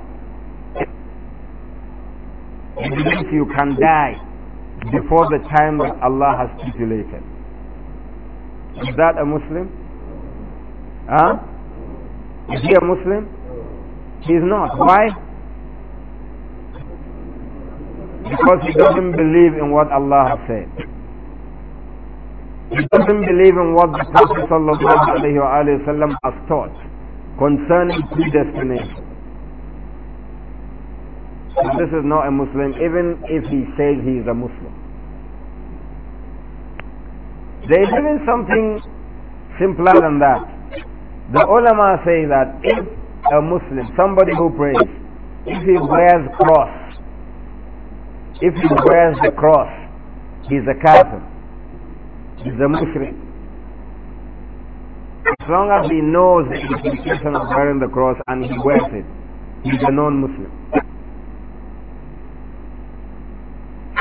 You believe you can die before the time that Allah has stipulated. Is that a Muslim? Huh? Is he a Muslim? He is not. Why? Because he doesn't believe in what Allah has said. He doesn't believe in what the Prophet ﷺ has taught concerning predestination. So this is not a Muslim, even if he says he is a Muslim. They live in something simpler than that. The ulama say that if a Muslim, somebody who prays, if he wears cross, if he wears the cross, he's a kafir, he's a mushrik. As long as he knows the implication of wearing the cross and he wears it, he's a non-Muslim.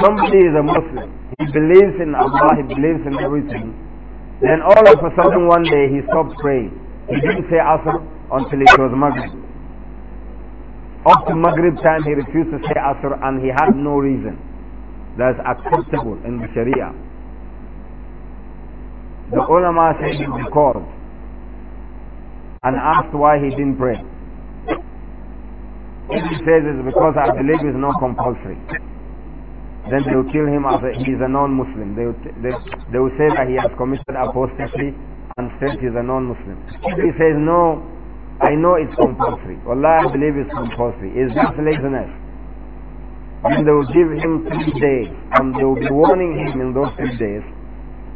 somebody is a Muslim, he believes in Allah, he believes in everything, then all of a sudden one day he stopped praying. He didn't say Asr until it was Maghrib. Up to Maghrib time he refused to say Asr and he had no reason. That's acceptable in the Sharia. The ulama said he recalled and asked why he didn't pray. he says it's because I believe it's not compulsory then they will kill him as a, he is a non-Muslim. They will, they, they will say that he has committed apostasy and said he is a non-Muslim. he says, no, I know it's compulsory. Allah, I believe it's compulsory. It's just laziness. And they will give him three days, and they will be warning him in those three days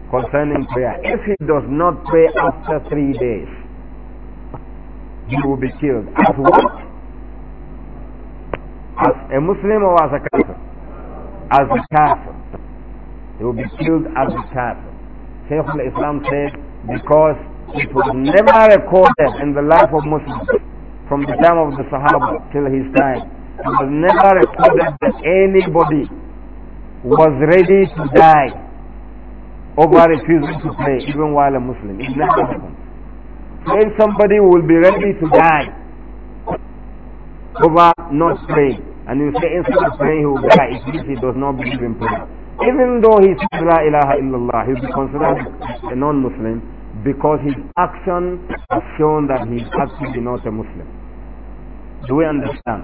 concerning prayer. If he does not pray after three days, he will be killed. As what? As a Muslim or as a Catholic? as a kafir. He will be killed as a kafir. Shaykh al-Islam said, because it was never recorded in the life of Muslims from the time of the Sahaba till his time. It was never recorded that anybody was ready to die over refusing to pray, even while a Muslim. It never happened. So if somebody will be ready to die over not praying, and you say, instead of saying he will be like he does not believe in prayer. Even though he says La ilaha illallah, he will be considered a non-Muslim because his action has shown that he is actually not a Muslim. Do we understand?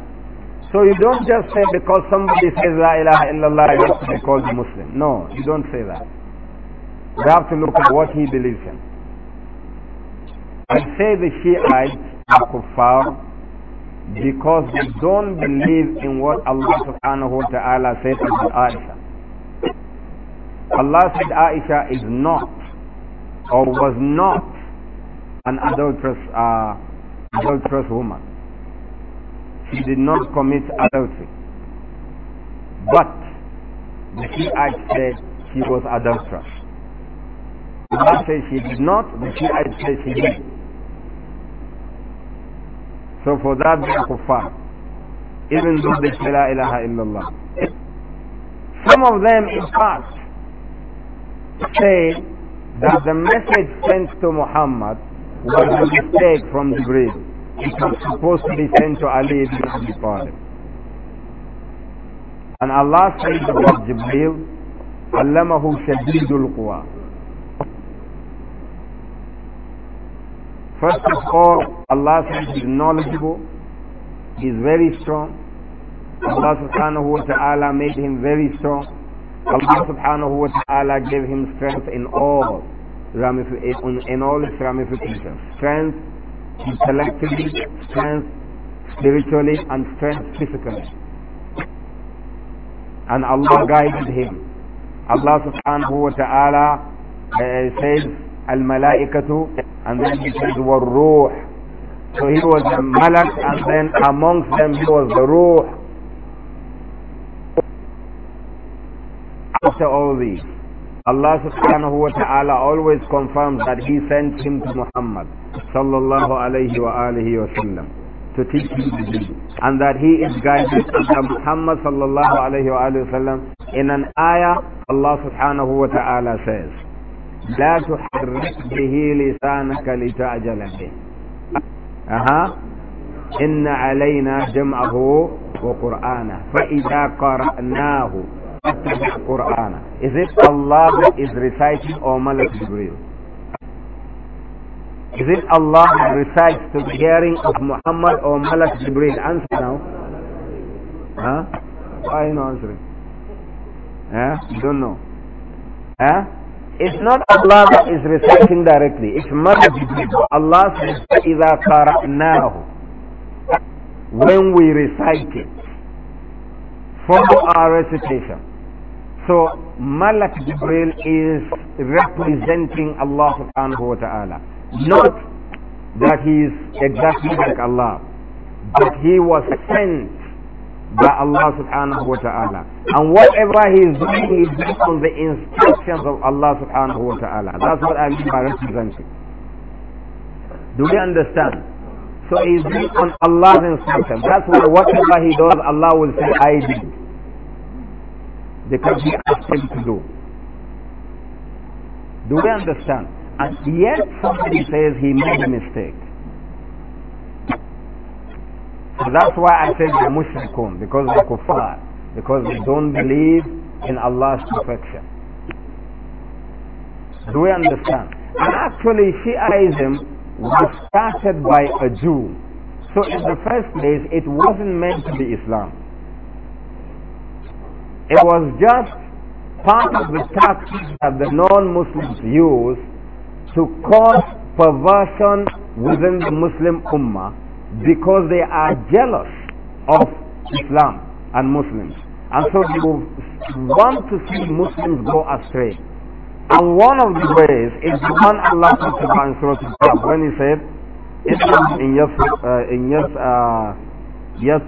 So you don't just say because somebody says La ilaha illallah, he has to be called a Muslim. No, you don't say that. You have to look at what he believes in. I say the Shiites are kuffar because they don't believe in what Allah subhanahu wa ta'ala said about Aisha. Allah said Aisha is not or was not an adulterous, uh, adulterous woman. She did not commit adultery. But the Shiites said she was adulterous. Allah said she did not, the Shiites said she did. So for that they are kuffar. Even though they say la ilaha illallah. Some of them in fact say that the message sent to Muhammad was a mistake from Jibreel. It was supposed to be sent to Ali ibn Abi Talib. And Allah says about Jibreel, علمه شديد القوى First of all, Allah is knowledgeable, He is very strong. Allah subhanahu wa ta'ala made him very strong. Allah subhanahu wa ta'ala gave him strength in all in all its ramifications. Strength intellectually, strength spiritually, and strength physically. And Allah guided him. Allah subhanahu wa ta'ala uh, says, Al-Malaikatu and then he said, Ruḥ." So he was a malak and then amongst them he was the ruh. After all these, Allah subhanahu wa ta'ala always confirms that he sent him to Muhammad sallallahu alayhi wa alihi wa sallam to teach him the deen and that he is guided by Muhammad sallallahu alayhi wa sallam in an ayah Allah subhanahu wa ta'ala says لا تحرك به لسانك لتعجل به أها إن علينا جمعه وقرآنه فإذا قرأناه فاتبع قرآنه Is it Allah that is reciting or Malak Jibreel? Is it Allah that recites to the hearing of Muhammad or Malak Jibreel? Answer now. Huh? Why are you not answering? Huh? You don't know. Huh? It's not Allah that is reciting directly. It's Mother Allah says, إِذَا قَرَأْنَاهُ When we recite it, follow our recitation. So Malak Jibril is representing Allah subhanahu wa ta'ala. Not that he is exactly like Allah, but he was sent by Allah subhanahu wa ta'ala. And whatever he is doing, he is doing on the instructions of Allah subhanahu wa ta'ala. That's what I mean by representing. Do we understand? So he is doing on Allah's instruction. That's why whatever he does, Allah will say, I did. Because he asked him to do. Do we understand? And yet somebody says he made a mistake. So that's why I said the mushrikun, because they're kuffar, because they don't believe in Allah's perfection. Do we understand? And actually Shiaism was started by a Jew. So in the first place, it wasn't meant to be Islam. It was just part of the tactics that the non-Muslims use to cause perversion within the Muslim Ummah because they are jealous of Islam and Muslims. And so they will want to see Muslims go astray. And one of the ways is the one Allah talked about in Surah Al-Qur'an when he said, "In إن uh, in إن يس يس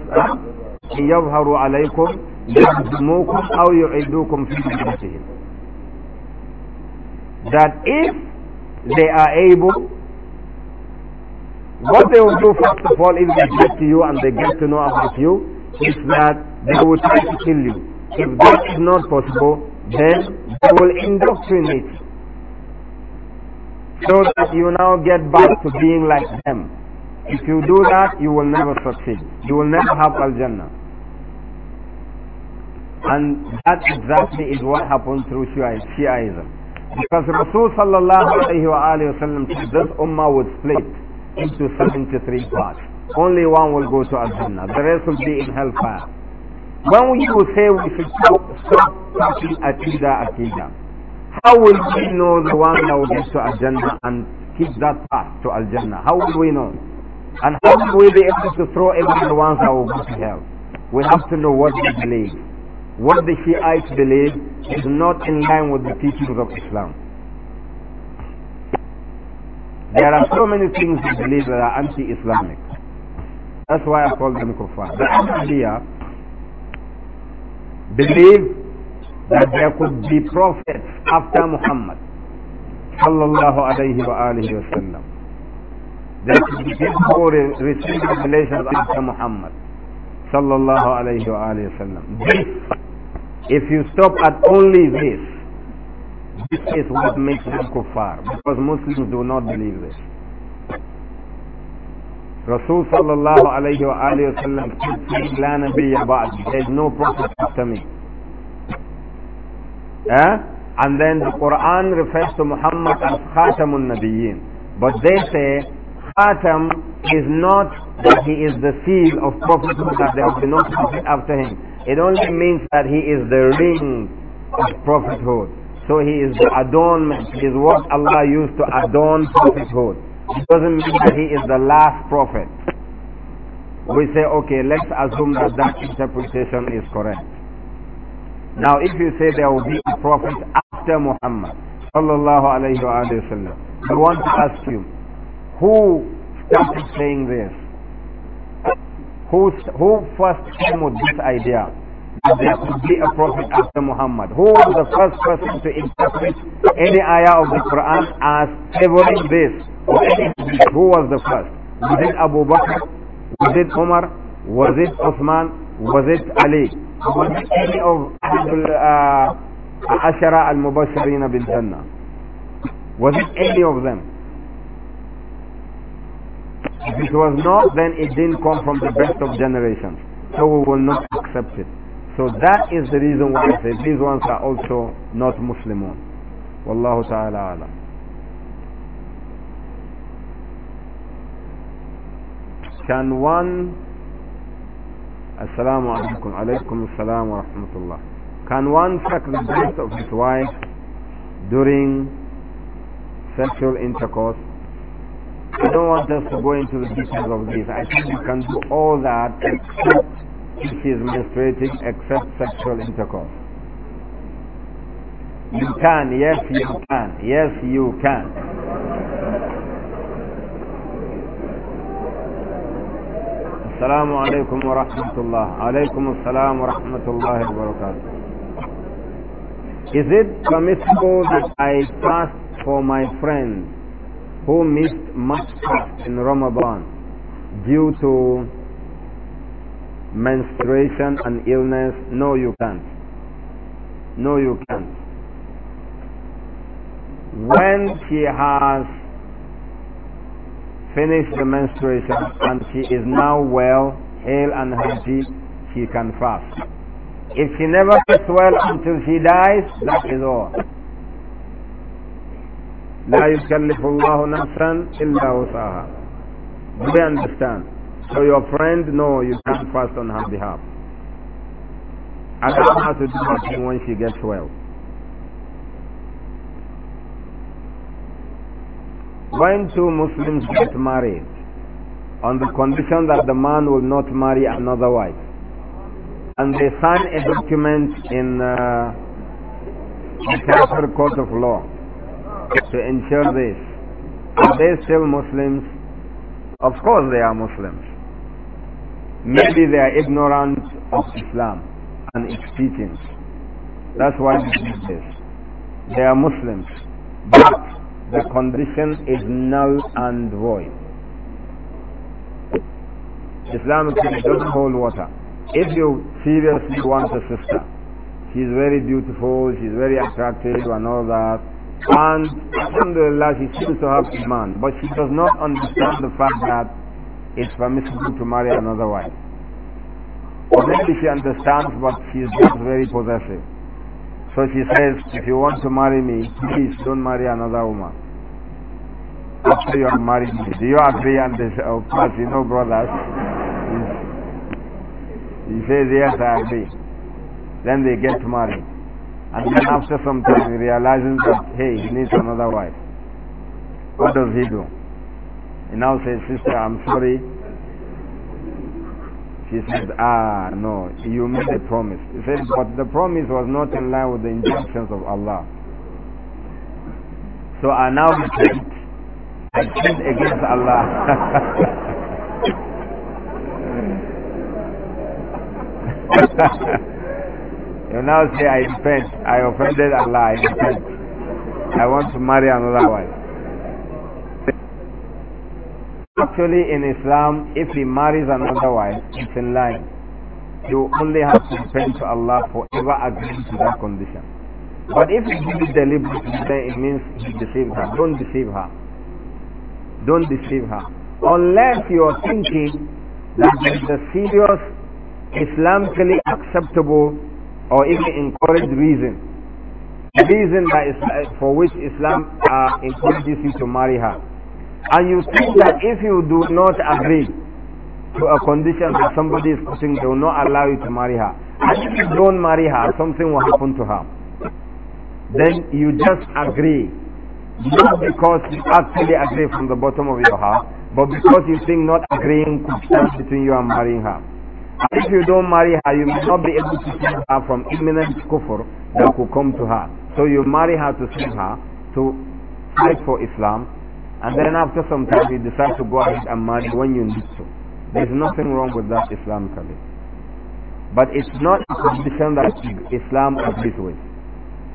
إن يظهروا عليكم يهزموكم أو يعيدوكم في ملتهم. That if they are able what they will do, first of all, if they get to you and they get to know about you, is that they will try to kill you. If that is not possible, then they will indoctrinate so that you now get back to being like them. If you do that, you will never succeed. You will never have Al Jannah. And that exactly is what happened through Shiaism. Because Rasulullah sallallahu alayhi wa sallam said this ummah would split into 73 parts. Only one will go to Al-Jannah. The rest will be in hellfire. When you say we should stop, stop talking Akida, Akida, how will we know the one that will get to Al-Jannah and keep that path to Al-Jannah? How will we know? And how will we be able to throw away the ones that will go to hell? We have to know what they believe. What the Shiites believe is not in line with the teachings of Islam. There are so many things they believe that are anti-Islamic. That's why I call them kuffar. The Ahmadiyya believe that there could be prophets after Muhammad sallallahu alayhi wa alihi wa sallam. There could be people receiving revelations after Muhammad sallallahu alayhi wa alihi wa sallam. This, if you stop at only this, this is what makes them kuffar, because Muslims do not believe this. Rasul sallallahu alayhi wa sallam said, La nabiyya ba'd, there is no prophet after me. Eh? And then the Quran refers to Muhammad as Khatamun Nabiyyin. But they say, Khatam is not that he is the seal of prophethood, that there will be no prophet after him. It only means that he is the ring of prophethood. So he is the adornment, he is what Allah used to adorn prophethood. It doesn't mean that he is the last prophet. We say, okay, let's assume that that interpretation is correct. Now, if you say there will be a prophet after Muhammad, sallallahu alayhi wa sallam, I want to ask you, who started saying this? Who, who first came with this idea? there could be a prophet after Muhammad. Who was the first person to interpret any ayah of the Quran as favoring this or Who was the first? Was it Abu Bakr? Was it Umar? Was it Uthman? Was it Ali? Was it any of uh, Ashara al-Mubashirin Jannah? Was it any of them? If it was not, then it didn't come from the best of generations. So we will not accept it. So that is the reason why I say these ones are also not Muslim Muslimun. Wallahu ta'ala alam. Can one Assalamu alaikum, alaikum assalam wa rahmatullah. Can one suck the breast of his wife during sexual intercourse? I don't want us to go into the details of this. I think you can do all that except if she is menstruating except sexual intercourse. You can, yes you can, yes you can. السلام عليكم ورحمة الله عليكم السلام ورحمة الله وبركاته Is it permissible that I fast for my friend who missed much fast in Ramadan due to menstruation and illness. No, you can't. No, you can't. When she has finished the menstruation and she is now well, hale and healthy, she can fast. If she never gets well until she dies, that is all. لا يكلف الله نفسا إلا وسعها. Do you understand? So your friend, no, you can't fast on her behalf. Allow her to do nothing when she gets well. When two Muslims get married, on the condition that the man will not marry another wife, and they sign a document in uh, the Kafir court of law to ensure this, are they still Muslims? Of course they are Muslims. Maybe they are ignorant of Islam and its teachings. That's why they do this. They are Muslims, but the condition is null and void. Islam doesn't hold water. If you seriously want a sister, she's very beautiful, she's very attractive and all that, and Alhamdulillah she seems to have demand, but she does not understand the fact that it's permissible to marry another wife. Or maybe she understands, but she's very possessive. So she says, if you want to marry me, please don't marry another woman. After you have married me. Do you agree on this? Of course, you know, brothers. He says, yes, I agree. Then they get married. And then after some time, he realizes that, hey, he needs another wife. What does he do? He now says, Sister, I'm sorry. She said, Ah, no, you made a promise. He said, But the promise was not in line with the injunctions of Allah. So I now repent. I sinned against Allah. you now say, I repent. I offended Allah. I repent. I want to marry another wife. Actually, in Islam, if he marries another wife, it's in line. You only have to repent to Allah for ever agreeing to that condition. But if he did it deliberately, then it means he deceived her. Don't deceive her. Don't deceive her. Unless you are thinking that there is a serious, Islamically acceptable, or even encouraged reason. The reason that is, for which Islam uh, encourages you to marry her and you think that if you do not agree to a condition that somebody is putting, they will not allow you to marry her. And if you don't marry her, something will happen to her. Then you just agree. Not because you actually agree from the bottom of your heart, but because you think not agreeing could stand between you and marrying her. And if you don't marry her, you may not be able to save her from imminent kufr that could come to her. So you marry her to save her, to fight for Islam, and then after some time you decide to go ahead and marry when you need to. There's nothing wrong with that Islamically. But it's not a condition that Islam agrees with.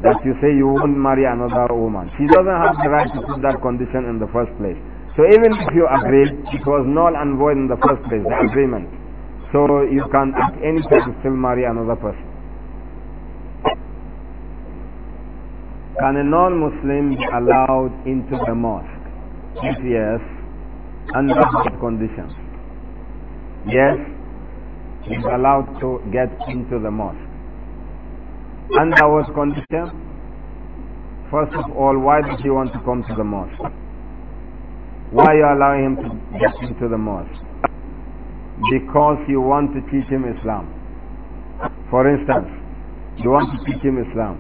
That you say you won't marry another woman. She doesn't have the right to put that condition in the first place. So even if you agreed, it was null and void in the first place, the agreement. So you can at any time still marry another person. Can a non-Muslim be allowed into the mosque? Yes, under what conditions. Yes, he's allowed to get into the mosque. Under what conditions? First of all, why does he want to come to the mosque? Why are you allowing him to get into the mosque? Because you want to teach him Islam. For instance, you want to teach him Islam.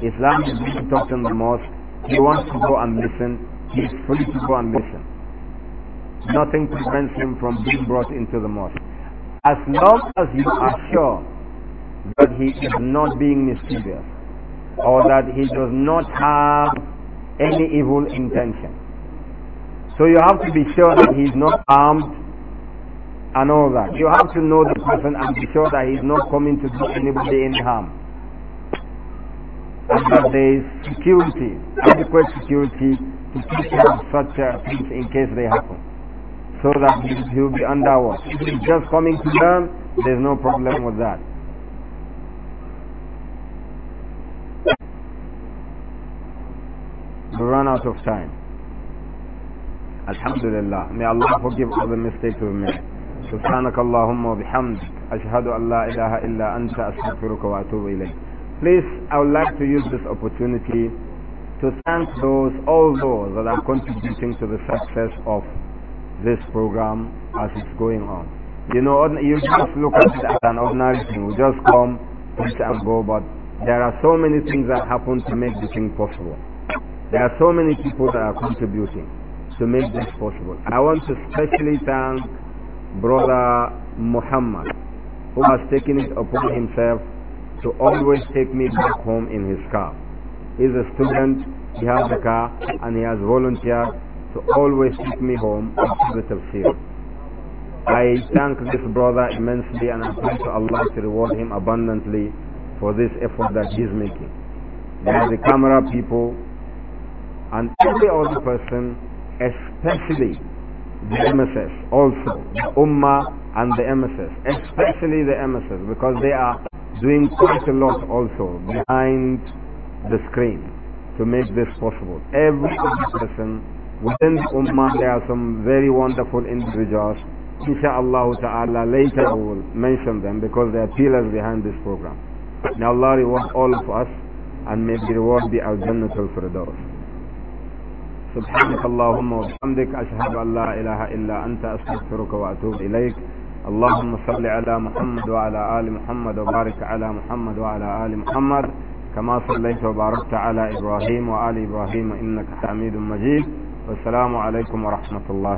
Islam is being taught in the mosque. He wants to go and listen he is free to go and worship. Nothing prevents him from being brought into the mosque. As long as you are sure that he is not being mischievous or that he does not have any evil intention. So you have to be sure that he is not armed and all that. You have to know the person and be sure that he is not coming to do anybody any harm. And that there is security, adequate security to take care of such uh, things in case they happen. So that he will be under watch. If he's just coming to learn, there's no problem with that. We run out of time. Alhamdulillah. May Allah forgive all the mistakes we've made. سبحانك اللهم وبحمدك أشهد أن لا إله إلا أنت أستغفرك وأتوب إليك Please, I would like to use this opportunity to thank those, all those that are contributing to the success of this program as it's going on. You know, you just look at it as an ordinary thing. We just come, preach and go, but there are so many things that happen to make this thing possible. There are so many people that are contributing to make this possible. I want to specially thank Brother Muhammad, who has taken it upon himself to always take me back home in his car is a student, he has a car, and he has volunteered to always take me home after the tafsir. I thank this brother immensely and I pray to Allah to reward him abundantly for this effort that he's making. There are the camera people and every other person, especially the MSS also, the Ummah and the MSS, especially the MSS because they are doing quite a lot also behind the screen to make this possible. Every person within the Ummah, there are some very wonderful individuals. Insha'Allah ta'ala, later I will mention them because they are pillars behind this program. May Allah reward all of us and may the reward be our Jannatul Firdaus. سبحانك اللهم وبحمدك أشهد أن لا إله إلا أنت أستغفرك وأتوب إليك اللهم صل على محمد وعلى آل محمد وبارك على محمد وعلى آل محمد كما صليت وباركت على إبراهيم وآل إبراهيم إنك حميد مجيد والسلام عليكم ورحمة الله